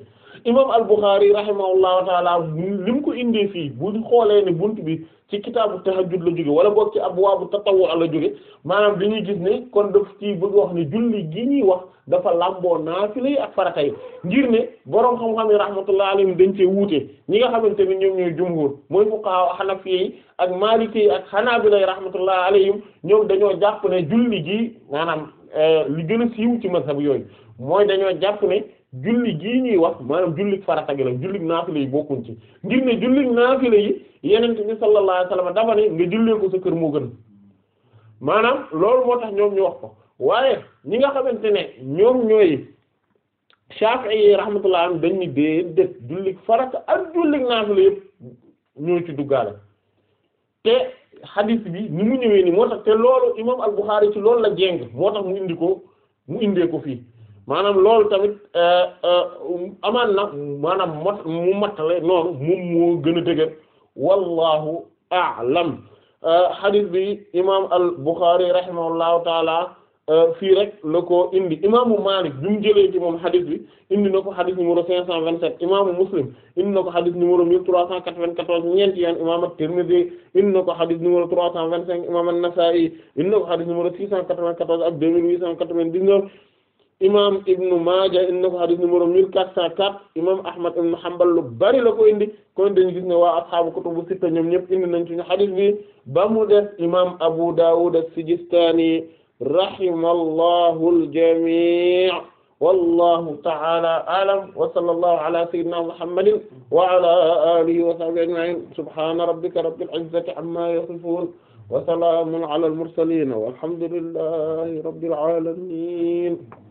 imam al-Bukhari rahimahullahu taala li mu ko indee fii bu ñu xoolee ne bunt bi ci kitaabu tahajjud la jóge wala boog ci abwaabu tatawwu la jóge maanaam li ñuy ne kon daf ci bëgg wax ne julli gi ñuy wax dafa lamboo naafila yi ak farata yi ngir ne boroom xam-xam yi rahmatullahi alayhim dañ cee wuute ñi nga xamante ne ñoom ñooy jumhur mooy fuqaha hanafi yi ak maliki yi ak hanabila yi rahmatullahi alayhim ñoom dañoo jàpp ne julli gi maanaam eh, li gën a siiw ci mazhab yooyu mooy dañoo jàpp ne julli gii ñuy wax maanaam julli farata gi la julli naafile yi bokkuñ ci ngir ne julli naafile yi yenente bi sallallahu alayhi dafa ne nga jullee ko sa kër moo gën maanaam loolu moo tax ñoom ñu wax ko waaye ñi nga xamante ne ñoom ñooy Shafi'i yi rahmatullah am dañ ni dee dét julli farata ak julli naafile yëpp ñoo ci duggaale te xadiis bi ñu mu ñëwee ni moo tax te loolu imam al ci loolu la jéng moo tax mu indi ko mu indee ko fii maanaam loolu tamit euh, euh, amaan na maanaam mu mottale noonu moom moo gën a dëgër wallahu a'lam euh, hadith bi imam al Bukhari rahimahullahu taala fii rek la ko indi imaamu Maalik bi mu jëlee ci moom xadis bi indi na ko xadis numéro 527 imaamu Muslim indi na ko xadis numéro 1394 ñeenti yoon imaam At-Tirmidhi indi na ko xadis numéro 325 imaam An-Nasaa'i indi na ko xadis numéro 694 ak 2899 imam ibnu Maaja indi na ko xadis numéro mille quatre cent quatre imam Ahmad ibnu Hanbal lu bari la ko indi kon dañu gis ne waa ashaabu kutubu sitta ñoom ñëpp indi nañ ci ñu xadis bi ba mu def imam Abu Dawud as-Sijistani rahimallahu al-jamii wallahu ta'ala a'lam wa sallallahu ala sayyidina Muhammadin wa ala alihi wa sahbihi ajma'in subhana rabbika rabbil izzati amma yasifun wa salamun ala al-mursalin walhamdulillahi rabbil alamin